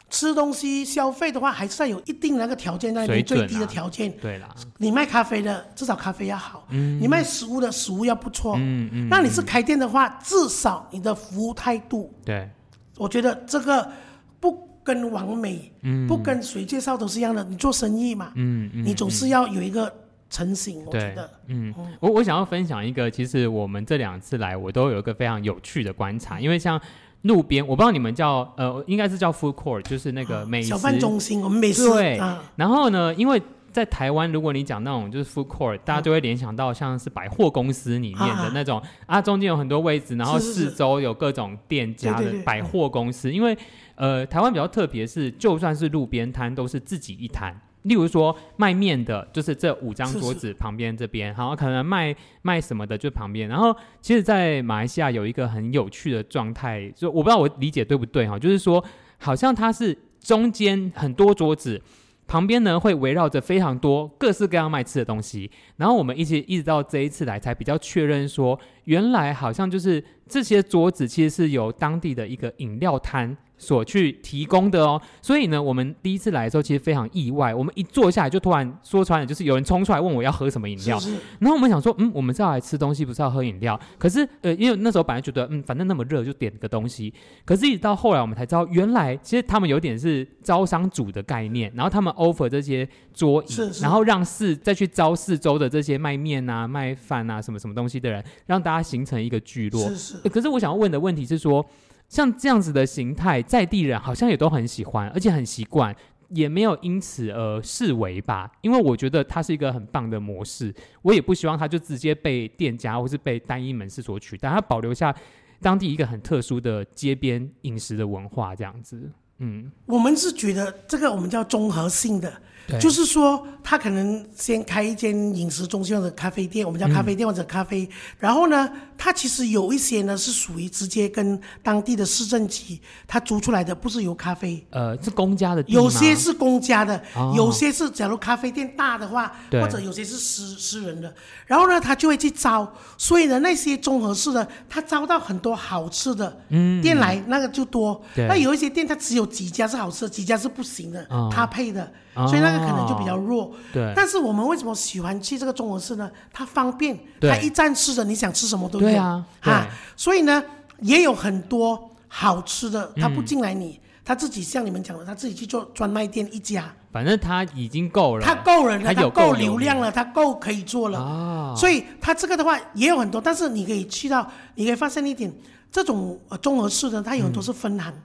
吃東西消費的話，還是要有一定那個條件，那裡最低的條件。對啦，你賣咖啡的至少咖啡要好，你賣食物的食物要不錯。嗯嗯。那你是開店的話，至少你的服務態度。對。我覺得這個不跟網美，不跟誰介紹都是一樣的。你做生意嘛，嗯嗯，你總是要有一個。成型，對我嗯。哦、我我想要分享一個，其實我們這兩次來，我都有一個非常有趣的觀察，因為像路邊，我不知道你們叫呃，應該是叫 food court，就是那個美食、啊、小販中心，我們每次對。啊、然後呢，因為在台灣，如果你講那種就是 food court，大家都會聯想到像是百貨公司裡面的那種啊，啊，啊，啊，中間有很多位置，然後四周有各種店家的百貨公司。因為呃，台灣比較特別是，就算是路邊攤，都是自己一攤。嗯例如說賣麵的，就是這五張桌子旁邊這邊，然後可能賣賣什麼的就旁邊。然後其實，在馬來西亞有一個很有趣的狀態，就我不知道我理解對不對哈，啊，就是說好像它是中間很多桌子旁邊呢會圍繞着非常多各式各樣賣吃的東西。然後我們一直一直到這一次來才比較確認說，原來好像就是這些桌子，其實是由當地的一個飲料攤所去提供的哦。所以呢，我們第一次來的時候，其實非常意外。我們一坐下來，就突然說穿了，就是有人衝出來問我要喝什麼飲料。然後我們想說，嗯，我們是要來吃東西，不是要喝飲料。可是，呃，因為那時候本來覺得，嗯，反正那麼熱，就點個東西。可是，一直到後來，我們才知道，原來其實他們有點是招商組的概念，然後他們 offer 這些桌椅，然後讓四再去招四周的這些賣麵啊、賣飯啊、什麼什麼東西的人，讓大家。它形成一個聚落是是、欸，可是我想要問的問題是說，像這樣子的形態，在地人好像也都很喜歡，而且很習慣，也沒有因此而式微吧？因為我覺得它是一個很棒的模式，我也不希望它就直接被店家或是被單一門市所取代，但它保留下當地一個很特殊的街邊飲食的文化，這樣子。嗯，我們是覺得這個我們叫綜合性的。對就是說，他可能先開一間飲食中心或者咖啡店，嗯、我們叫咖啡店或者咖啡。然後呢，他其實有一些呢是屬於直接跟當地的市政局他租出來的，不是由咖啡。呃，是公家的地。有些是公家的，哦、有些是假如咖啡店大的話，對或者有些是私私人的。然後呢，他就會去招，所以呢，那些綜合式的，他招到很多好吃的、嗯、店來，嗯、那個就多。對那有一些店，它只有幾家是好吃的，幾家是不行的，哦、他配的，所以那個、嗯。可能就比較弱，哦、對。但是我們為什麼喜歡去這個綜合市呢？它方便，對它一站式的，你想吃什麼都有，以。啊，啊對所以呢，也有很多好吃的，他不進來你，他、嗯、自己像你們講的，他自己去做專賣店一家。反正他已經夠了，他夠人了，他夠流量了，他夠可以做了啊。哦、所以他這個的話也有很多，但是你可以去到，你可以發現一點，這種綜合市呢，它有很多是分行，嗯、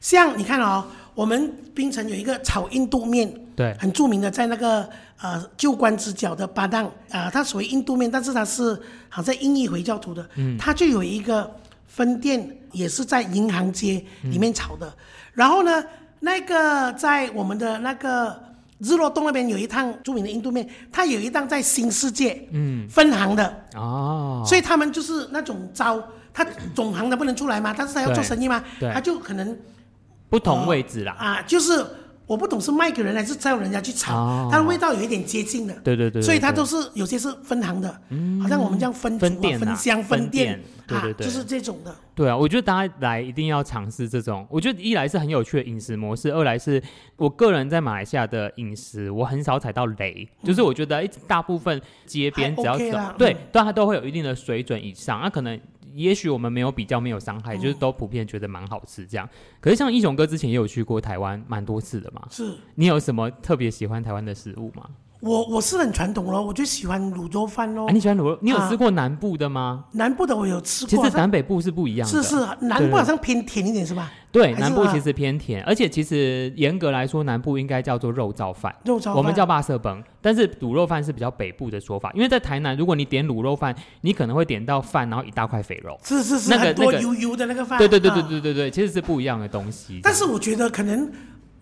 像你看哦，我們檳城有一個炒印度麵。很著名的，在那個呃舊關之角的巴當，呃，它屬於印度麵，但是它是好像英裔回教徒的，嗯，他就有一個分店，也是在銀行街裡面炒的。嗯、然後呢，那個在我們的那個日落洞那邊有一趟著名的印度麵，它有一檔在新世界嗯分行的、嗯、哦，所以他們就是那種招，他總行的不能出來嘛，但是他要做生意嘛，他就可能不同位置啦啊、呃呃，就是。我不懂是賣給人還是叫人家去炒，它的、哦、味道有一點接近的，對，對對對，所以它都是有些是分行的，嗯，好像我們這樣分、啊分店、啊、分店、分鄉、啊、分店，對對對，就是這種的。對啊，我覺得大家來一定要嘗試這種。我覺得一來是很有趣的飲食模式，二來是我個人在馬來西亞的飲食，我很少踩到雷，嗯、就是我覺得一大部分街邊只要走、OK 嗯、對但它都會有一定的水準以上，那、啊、可能。也許我們沒有比較，沒有傷害，嗯、就是都普遍覺得蠻好吃這樣。可是像易雄哥之前也有去過台灣蠻多次的嘛，是？你有什麼特別喜歡台灣的食物嗎？我我是很傳統咯，我就喜歡滷肉飯咯，啊。你喜歡滷肉？你有吃過南部的嗎？啊、南部的我有吃過。其實南北部是不一樣的。是是，南部好像偏甜一點，是吧？對，南部其實偏甜，而且其實嚴格來說，南部應該叫做肉燥飯。肉燥飯，我們叫八色崩，但是滷肉飯是比較北部的說法。因為在台南，如果你點滷肉飯，你可能會點到飯，然後一大塊肥肉。是是是，那個那個油油的那個飯。對對對對對對對，啊、其實是不一樣的東西。但是我覺得可能。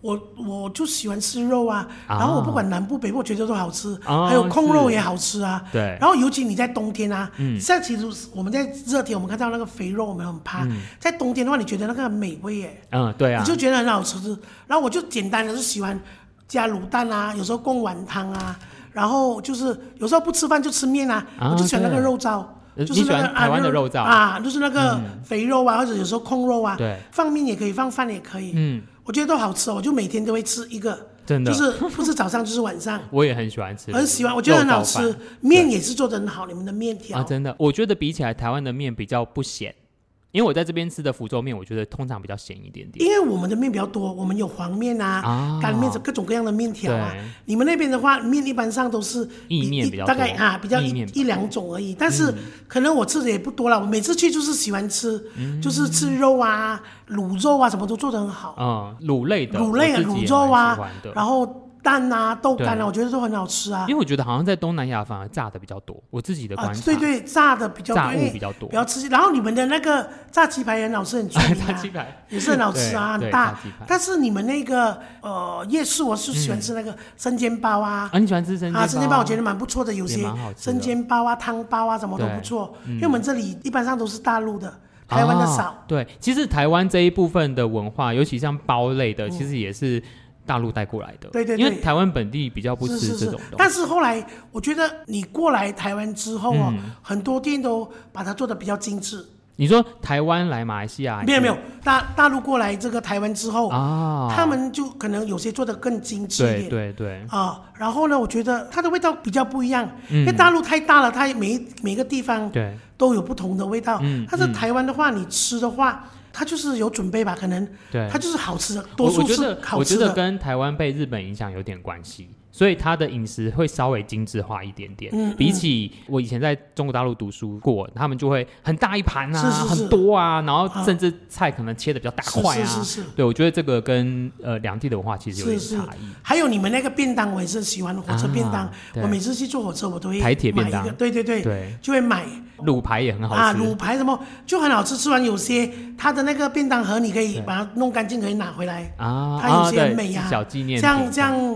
我我就喜歡吃肉啊，然後我不管南部北部，覺得都好吃，還有控肉也好吃啊。對。然後尤其你在冬天啊，現在其實我們在熱天我們看到那個肥肉我們很怕，在冬天的話，你覺得那個很美味耶。嗯，對啊。你就覺得很好吃，然後我就簡單的就喜歡加滷蛋啊，有時候供碗湯啊，然後就是有時候不吃飯就吃麵啊，我就喜歡那個肉燥，就是那個，你喜歡臺灣的肉燥啊，就是那個肥肉啊，或者有時候控肉啊，對，放麵也可以，放飯也可以。嗯。我覺得都好吃哦，我就每天都會吃一個，真的，就是不是早上就是晚上。 [laughs] 我也很喜歡吃，很喜歡，我覺得很好吃。麵也是做得很好，對你們的麵條啊，真的，我覺得比起來台灣的麵比較不鹹。因為我在這邊吃的福州麵，我覺得通常比較鹹一點點，因為我們的麵比較多，我們有黃麵啊、啊乾麵、各種各樣的麵條、啊。對你們那邊的話，麵一般上都是意麵比較多，大概啊比較一比較一兩種而已。但是、嗯、可能我吃的也不多了，我每次去就是喜歡吃，嗯、就是吃肉啊、滷肉啊，什麼都做得很好。啊、嗯，滷類的滷類的滷肉啊，然後。蛋啊，豆乾啊，我覺得都很好吃啊。因為我覺得好像在東南亞反而炸的比較多，我自己的觀察。對對，炸的比較炸物比較多，比較刺激。然後你們的那個炸雞排人老是很出名，炸雞排也是很好吃啊，大。但是你們那個呃夜市，我是喜歡吃那個生煎包啊。啊，你喜歡吃生啊生煎包？我覺得蠻不錯的，有些生煎包啊、湯包啊，什麼都不錯。因為我們這裡一般上都是大陸的，台灣的少。對，其實台灣這一部分的文化，尤其像包類的，其實也是。大陸帶過來的，對，對對，因為台灣本地比較不吃這種東西，是是是，但是後來我覺得你過來台灣之後，哦嗯、很多店都把它做得比較精緻。你說台灣來馬來西亞？沒有沒有，大大陸過來這個台灣之後啊，哦、他們就可能有些做得更精緻一點。對對對。啊，然後呢，我覺得它的味道比較不一樣，嗯、因為大陸太大了，它每每個地方都有不同的味道。對但是台灣的話，嗯、你吃的話。他就是有準備吧，可能他就是好吃的，我我覺得多數是好吃的。我覺得跟台灣被日本影響有點關係。所以他的飲食會稍微精致化一點點，比起我以前在中國大陸讀書過，他們就會很大一盤啊，是很多啊，然後甚至菜可能切得比較大塊啊。是是是。對，我覺得這個跟呃兩地的文化其實有點差異。還有你們那個便當，我也是喜歡火車便當。啊、我每次去坐火車，我都會買一個台鐵便當。對對對。對,對。就會買。滷對 排也很好吃。啊，滷排什麼就很好吃，吃完有些它的那個便當盒你可以把它弄乾淨，可以拿回來。啊。它有些很美啊。小紀念品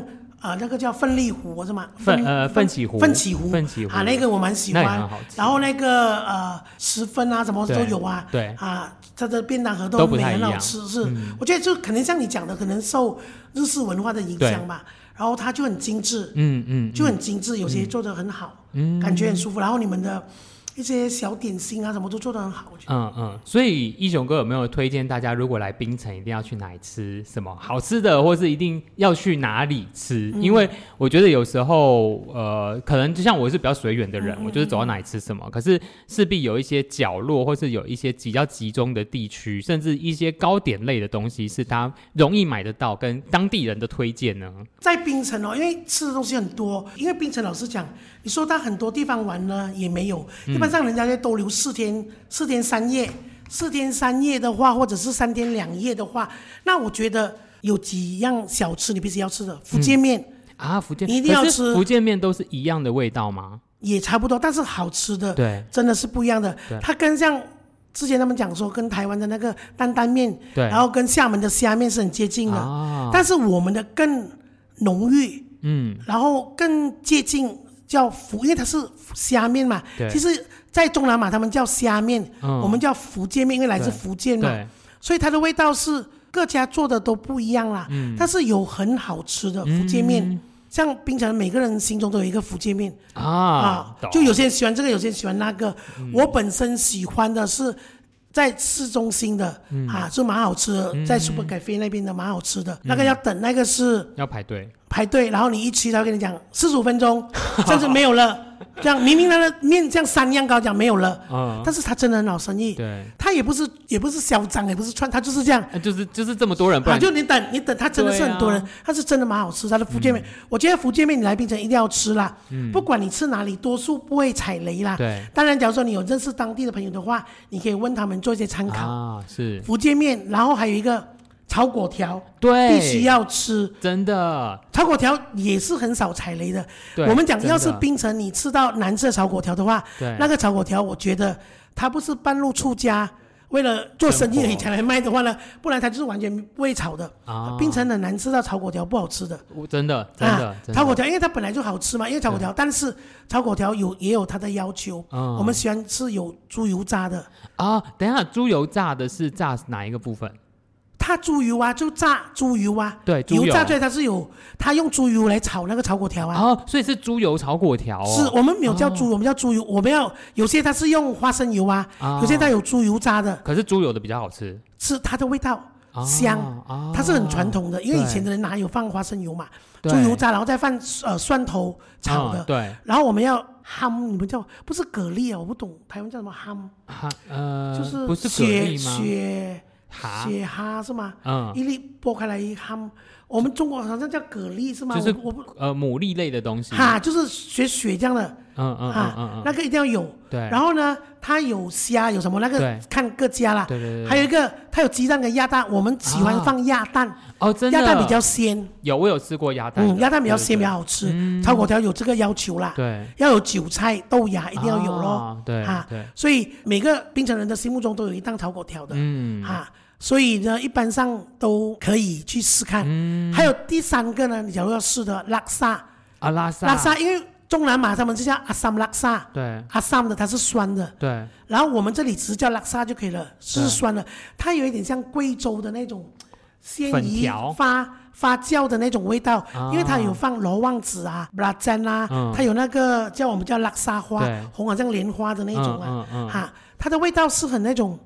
啊、呃，那個叫奮力湖是嗎？奮呃奮起湖，奮起湖，奮起湖啊，那個我蠻喜歡。那個很好吃。然後那個呃，十粉啊，什麼都有啊。對。對啊，它的便當盒都沒很好吃，是。嗯、我覺得就可能像你講的，可能受日式文化的影響吧。對然後它就很精致。嗯嗯。嗯嗯就很精致，有些做的很好。嗯。感覺很舒服。然後你們的。一些小點心啊，什麼都做得很好，我覺得。嗯，嗯嗯，所以易雄哥有沒有推薦大家，如果來檳城一定要去哪裡吃什麼好吃的，或是一定要去哪裡吃？因為我覺得有時候，呃，可能就像我是比較隨緣的人，我就是走到哪裡吃什麼。嗯嗯嗯嗯，可是勢必有一些角落，或是有一些比較集中的地區，甚至一些糕點類的東西，是他容易買得到，跟當地人的推薦呢。在檳城哦，因為吃的東西很多，因為檳城老實講。你說到很多地方玩呢，也沒有。一般上人家在多留四天，四、嗯、天三夜，四天三夜的話，或者是三天兩夜的話，那我覺得有幾樣小吃你必須要吃的，嗯、福建面啊，福建，你一定要吃。福建面都是一樣的味道嗎？也差不多，但是好吃的，對，真的是不一樣的。它跟像之前他們講說，跟台灣的那個擔擔麵，對然後跟廈門的蝦面是很接近的，哦、但是我們的更濃郁，嗯，然後更接近。叫福，因為它是蝦麵嘛。其實，在中南馬，他們叫蝦麵，我們叫福建麵，因為來自福建嘛。所以它的味道是各家做的都不一樣啦。嗯。但是有很好吃的福建麵，像檳城，每個人心中都有一個福建麵。啊。就有些人喜歡這個，有些人喜歡那個。我本身喜歡的是在市中心的啊，是蠻好吃的，在 Super Cafe 那邊的蠻好吃的，那個要等，那個是。要排隊。排隊，然後你一吃，他會跟你講四十五分鐘，甚至沒有了。這樣明明他的麵像山一樣高，講沒有了，但是他真的很好生意。對，他也不是，也不是囂張，也不是串，他就是這樣。就是，就是這麼多人吧？就你等你等，他真的是很多人，他是真的蠻好吃。他的福建麵，我覺得福建麵你來檳城一定要吃啦。嗯，不管你吃哪裡，多數不會踩雷啦。對，當然，假如說你有認識當地的朋友的話，你可以問他們做一些參考。啊，是福建麵，然後還有一個。炒粿條對，必須要吃，真的。炒粿條也是很少踩雷的。對我們講，要是檳城你吃到難吃的炒粿條的話，對，那個炒粿條我覺得他不是半路出家，為了做生意才來賣的話呢，活不然他就是完全未炒的。啊，檳城的難吃到炒粿條不好吃的。真的，真的。啊、炒粿條，因為它本來就好吃嘛，因為炒粿條，對但是炒粿條有也有它的要求。啊、嗯，我們喜歡吃有豬油炸的。啊，等一下，豬油炸的是炸哪一個部分？他豬油啊，就炸豬油啊，對，油炸出來，它是有它用豬油來炒那個炒粿條啊，哦，所以是豬油炒粿條。是我們沒有叫豬，我們叫豬油，我們要有些它是用花生油啊，有些它有豬油炸的，可是豬油的比較好吃，是它的味道香，它是很傳統的，因為以前的人哪有放花生油嘛，豬油渣然後再放呃蒜頭炒的，對，然後我們要 ham，你們叫不是蛤蜊啊，我不懂台灣叫什麼 ham 呃，就是不是蛤蜊嗎？蟹哈是嗎？嗯，一粒剝開來一哈，我們中國好像叫蛤蜊是嗎？就是我不呃牡蠣類的東西哈，就是學雪這樣的，嗯嗯啊，那個一定要有。對，然後呢，它有蝦有什麼那個看各家啦。對對對。還有一個，它有雞蛋跟鴨蛋，我們喜歡放鴨蛋哦，鴨蛋比較鮮。有我有吃過鴨蛋，嗯，鴨蛋比較鮮，比較好吃。炒粿條有這個要求啦，對，要有韭菜、豆芽一定要有嘍，對哈，對。所以每個檳城人的心目中都有一檔炒粿條的，嗯哈。所以呢，一般上都可以去試看。還有第三個呢，你假如要試的拉薩。啊，拉薩。拉薩因為中南馬他們就叫阿薩姆拉薩。對。阿薩姆的它是酸的。對。然後我們這裡只叫拉薩就可以了，是酸的。它有一點像貴州的那種，鮮魚發發酵的那種味道，因為它有放羅望子啊、布拉珍啊，它有那個叫我們叫拉薩花，紅好像蓮花的那種啊，哈，它的味道是很那種。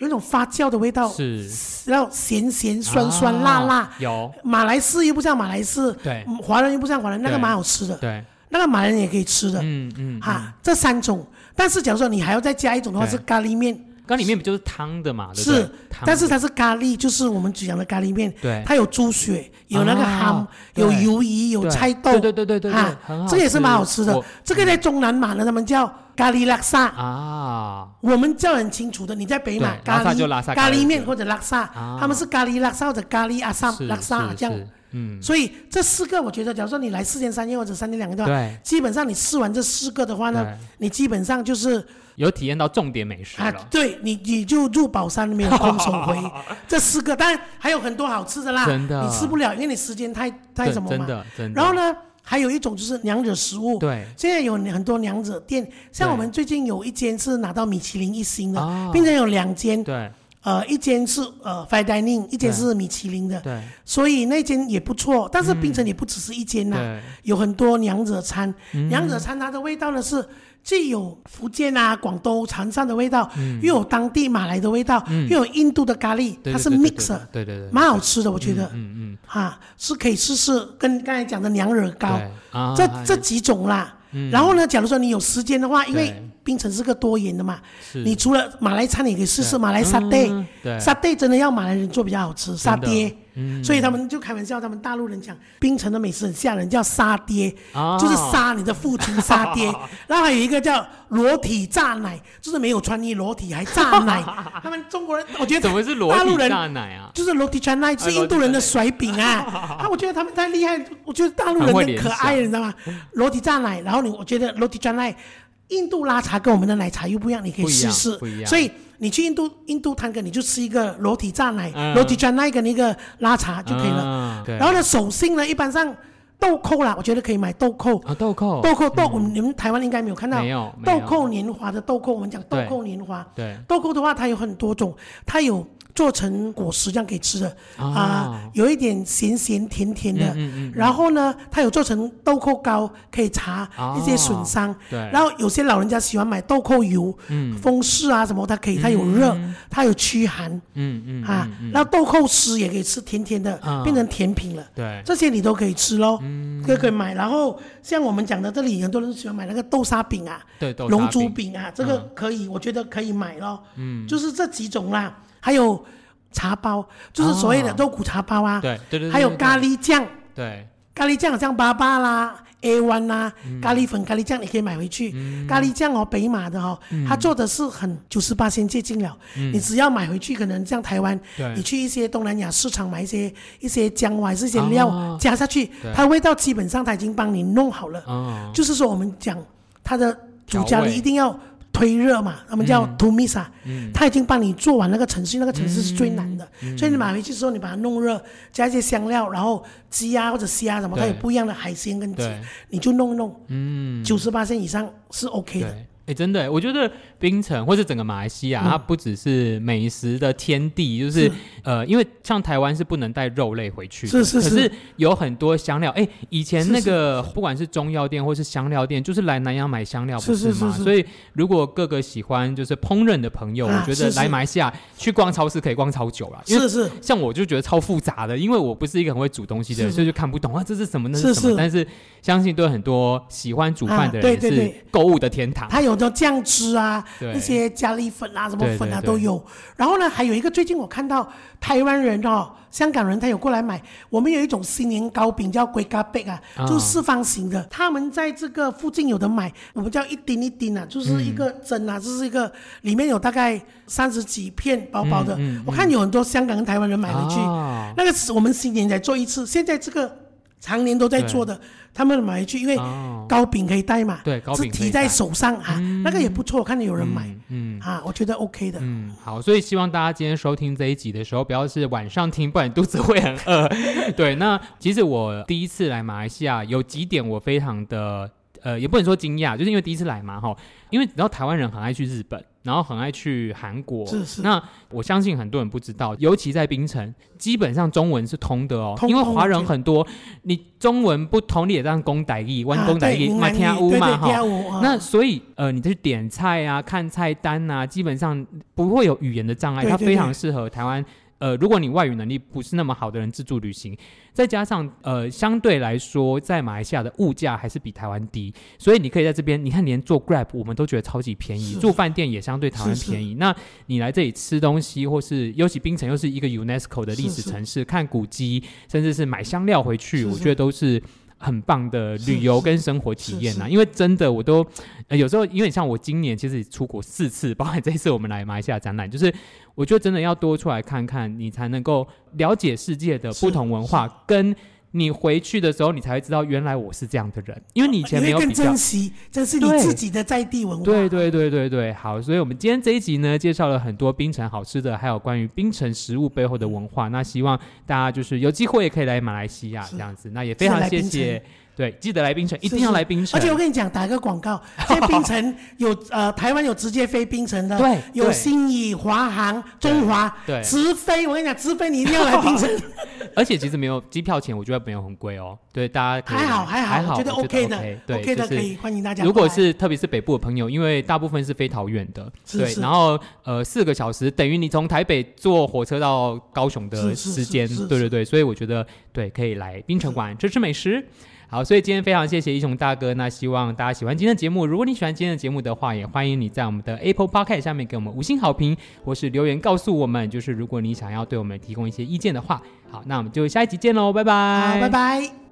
有一種發酵的味道，是然後鹹鹹酸酸酸辣辣，哦，有馬來式又不像馬來式，對，華人又不像華人，對那個蠻好吃的，對那個馬來人也可以吃的，嗯嗯，嗯嗯哈，這三種，但是假如說你還要再加一種的話，是咖喱麵。那裡面不就是湯的嘛？是，但是它是咖喱，就是我們講的咖喱麵。它有豬血，有那個 ham，有魷魚，有菜豆。對對對對，這個也是蠻好吃的。這個在中南馬呢，他們叫咖喱叻沙。啊，我們叫很清楚的，你在北馬咖喱咖喱麵或者叻沙，他們是咖喱叻沙或者咖喱亞參叻沙這樣。嗯，所以這四個我覺得，假如說你來四天三夜或者三天兩夜，對，基本上你吃完這四個的話呢，對你基本上就是有體驗到重點美食啊，對你，你就入寶山裡面空手回 [laughs] 這四個，但還有很多好吃的啦。真的，你吃不了，因為你時間太太什麼嘛。真的。真的，然後呢，還有一種就是娘惹食物。對，現在有很多娘惹店，像我們最近有一間是拿到米其林一星的，對並且有兩間。對。呃，一間是呃 fine dining，一間是米其林的，對，所以那間也不錯。但是檳城也不只是一間吶，有很多娘惹餐。娘惹餐它的味道呢是既有福建啊、廣東、潮汕的味道，又有當地馬來的味道，又有印度的咖喱，它是 mixer，對對對，蠻好吃的，我覺得。嗯嗯。哈，是可以試試跟剛才講的娘惹糕，這這幾種啦。嗯。然後呢，假如說你有時間的話，因為。檳城是個多元的嘛？你除了馬來餐，你可以試試馬來沙爹，沙爹真的要馬來人做比較好吃。沙爹，所以他們就開玩笑，他們大陸人講檳城的美食很嚇人，叫沙爹，就是殺你的父親，沙爹。然後還有一個叫裸體炸奶，就是沒有穿衣裸體還炸奶。他們中國人，我覺得怎麼是裸體炸奶啊？就是裸體炸奶是印度人的甩餅啊！啊，我覺得他們太厲害，我覺得大陸人很可愛，你知道嗎？裸體炸奶，然後你我覺得裸體炸奶。印度拉茶跟我們的奶茶又不一樣，你可以試試。所以你去印度，印度探哥你就吃一個裸體炸奶，嗯、裸體炸奶跟那個拉茶就可以了。嗯、然後呢，手信呢一般上豆蔻啦，我覺得可以買豆蔻。啊、哦，豆蔻，豆蔻豆蔻，你，嗯、們台灣應該沒有看到。豆蔻年華的豆蔻，我們講豆蔻年華。對，對豆蔻的話它有很多種，它有。做成果實這樣可以吃的啊，有一點鹹鹹甜甜的。然後呢，它有做成豆蔻糕，可以擦一些損傷。對。然後有些老人家喜歡買豆蔻油，嗯，風濕啊什麼，它可以，它有熱，它有驅寒。嗯嗯。啊，然後豆蔻絲也可以吃，甜甜的，變成甜品了。對。這些你都可以吃咯，都可以買。然後像我們講的這裡，很多人喜歡買那個豆沙餅啊，對，龍珠餅啊，這個可以，我覺得可以買咯。嗯。就是這幾種啦。還有茶包，就是所謂的肉骨茶包啊。哦、對，對，對，對對對。還有咖喱醬。對。對咖喱醬好像巴巴啦、A one 啦，嗯、咖喱粉、咖喱醬你可以買回去。嗯、咖喱醬哦，北馬的哦，嗯、它做的是很九十八仙接近了。嗯、你只要買回去，可能像台灣，嗯、你去一些東南亞市場買一些一些薑還是一些料、哦、加下去，它味道基本上它已經幫你弄好了。哦、就是說，我們講它的主咖喱一定要。推熱嘛，他們叫 Tumisa 他、嗯嗯、已經幫你做完那個程序，那個程序是最難的，嗯嗯、所以你買回去之後，你把它弄熱，加一些香料，然後雞啊或者蝦什麼，對它有不一樣的海鮮跟雞，對你就弄弄，嗯，九十巴仙以上是 OK 的，哎，欸、真的、欸，我覺得。檳城或者整個馬來西亞，它不只是美食的天地，就是呃，因為像台灣是不能帶肉類回去，是是是，可是有很多香料。哎，以前那個不管是中藥店或是香料店，就是來南洋買香料，不是嗎？所以如果各個喜歡就是烹飪的朋友，我覺得來馬來西亞去逛超市可以逛超久了，是是。像我就覺得超複雜的，因為我不是一個很會煮東西的人，所以就看不懂啊，這是什麼？那是什麼？是是。但是相信對很多喜歡煮飯的人，也是購物的天堂。它有叫醬汁啊。一對些咖喱粉啊，什麼粉啊，對對對都有。然後呢，還有一個最近我看到台灣人哦，香港人，他有過來買。我們有一種新年糕餅叫龜咖貝啊，哦、就是四方形的。他們在這個附近有的買，我們叫一丁一丁啊，就是一個針啊，嗯、就是一個裡面有大概三十幾片薄薄的。嗯嗯嗯、我看有很多香港跟台灣人買回去，哦、那個是我們新年才做一次，現在這個。常年都在做的，對他們買回去，因為糕餅可以帶嘛，哦、是提在手上啊，嗯、那個也不錯，看見有人買，嗯嗯、啊，我覺得 OK 的。嗯，好，所以希望大家今天收聽這一集的時候，不要是晚上聽，不然肚子會很餓。 [laughs] 對，那其實我第一次來馬來西亞，有幾點我非常的。呃，也不能說驚訝，就是因為第一次來嘛，哈。因為你知道台灣人很愛去日本，然後很愛去韓國。是那我相信很多人不知道，尤其在檳城，基本上中文是通的哦，因為華人很多，你中文不通你也講台語，講台語嘛聽有嘛哈。那所以呃，你就去點菜啊、看菜單啊，基本上不會有語言的障礙，對對對，它非常適合台灣。呃，如果你外語能力不是那麼好的人，自助旅行，再加上呃，相對來說在馬來西亞的物價還是比台灣低，所以你可以在這邊，你看連坐 Grab 我們都覺得超級便宜，是是住飯店也相對台灣便宜。是是那你來這裡吃東西，或是尤其檳城又是一個 UNESCO 的歷史城市，是是看古蹟，甚至是買香料回去，是是我覺得都是很棒的旅遊跟生活體驗吶、啊。是是是是因為真的，我都、呃、有時候因為像我今年其實出國四次，包括這一次我們來馬來西亞展覽，就是。我覺得真的要多出來看看，你才能夠了解世界的不同文化，跟你回去的時候，你才會知道原來我是這樣的人。哦、因為你以前沒有比較珍惜，這是你自己的在地文化。對對，對對對，好，所以我們今天這一集呢，介紹了很多檳城好吃的，還有關於檳城食物背後的文化。那希望大家就是有機會也可以來馬來西亞是這樣子，那也非常謝謝。對，記得來檳城，一定要來檳城。而且我跟你講，打一個廣告，檳城有呃台灣有直接飛檳城的，對，有新意華航、中華，對，直飛。我跟你講，直飛你一定要來檳城。而且其實沒有機票錢，我覺得沒有很貴哦。對，大家還好還好，覺得 OK 的，OK 的可以歡迎大家。如果是特別是北部的朋友，因為大部分是飛桃園的，對，然後呃四個小時等於你從台北坐火車到高雄的時間，對對對，所以我覺得對可以來檳城玩，吃吃美食。好，所以今天非常謝謝易雄大哥。那希望大家喜歡今天的節目。如果你喜歡今天的節目的話，也歡迎你在我們的 Apple Podcast 下面給我們五星好評，或是留言告訴我們，就是如果你想要對我們提供一些意見的話。好，那我們就下一集見嘍，拜拜，好，拜拜。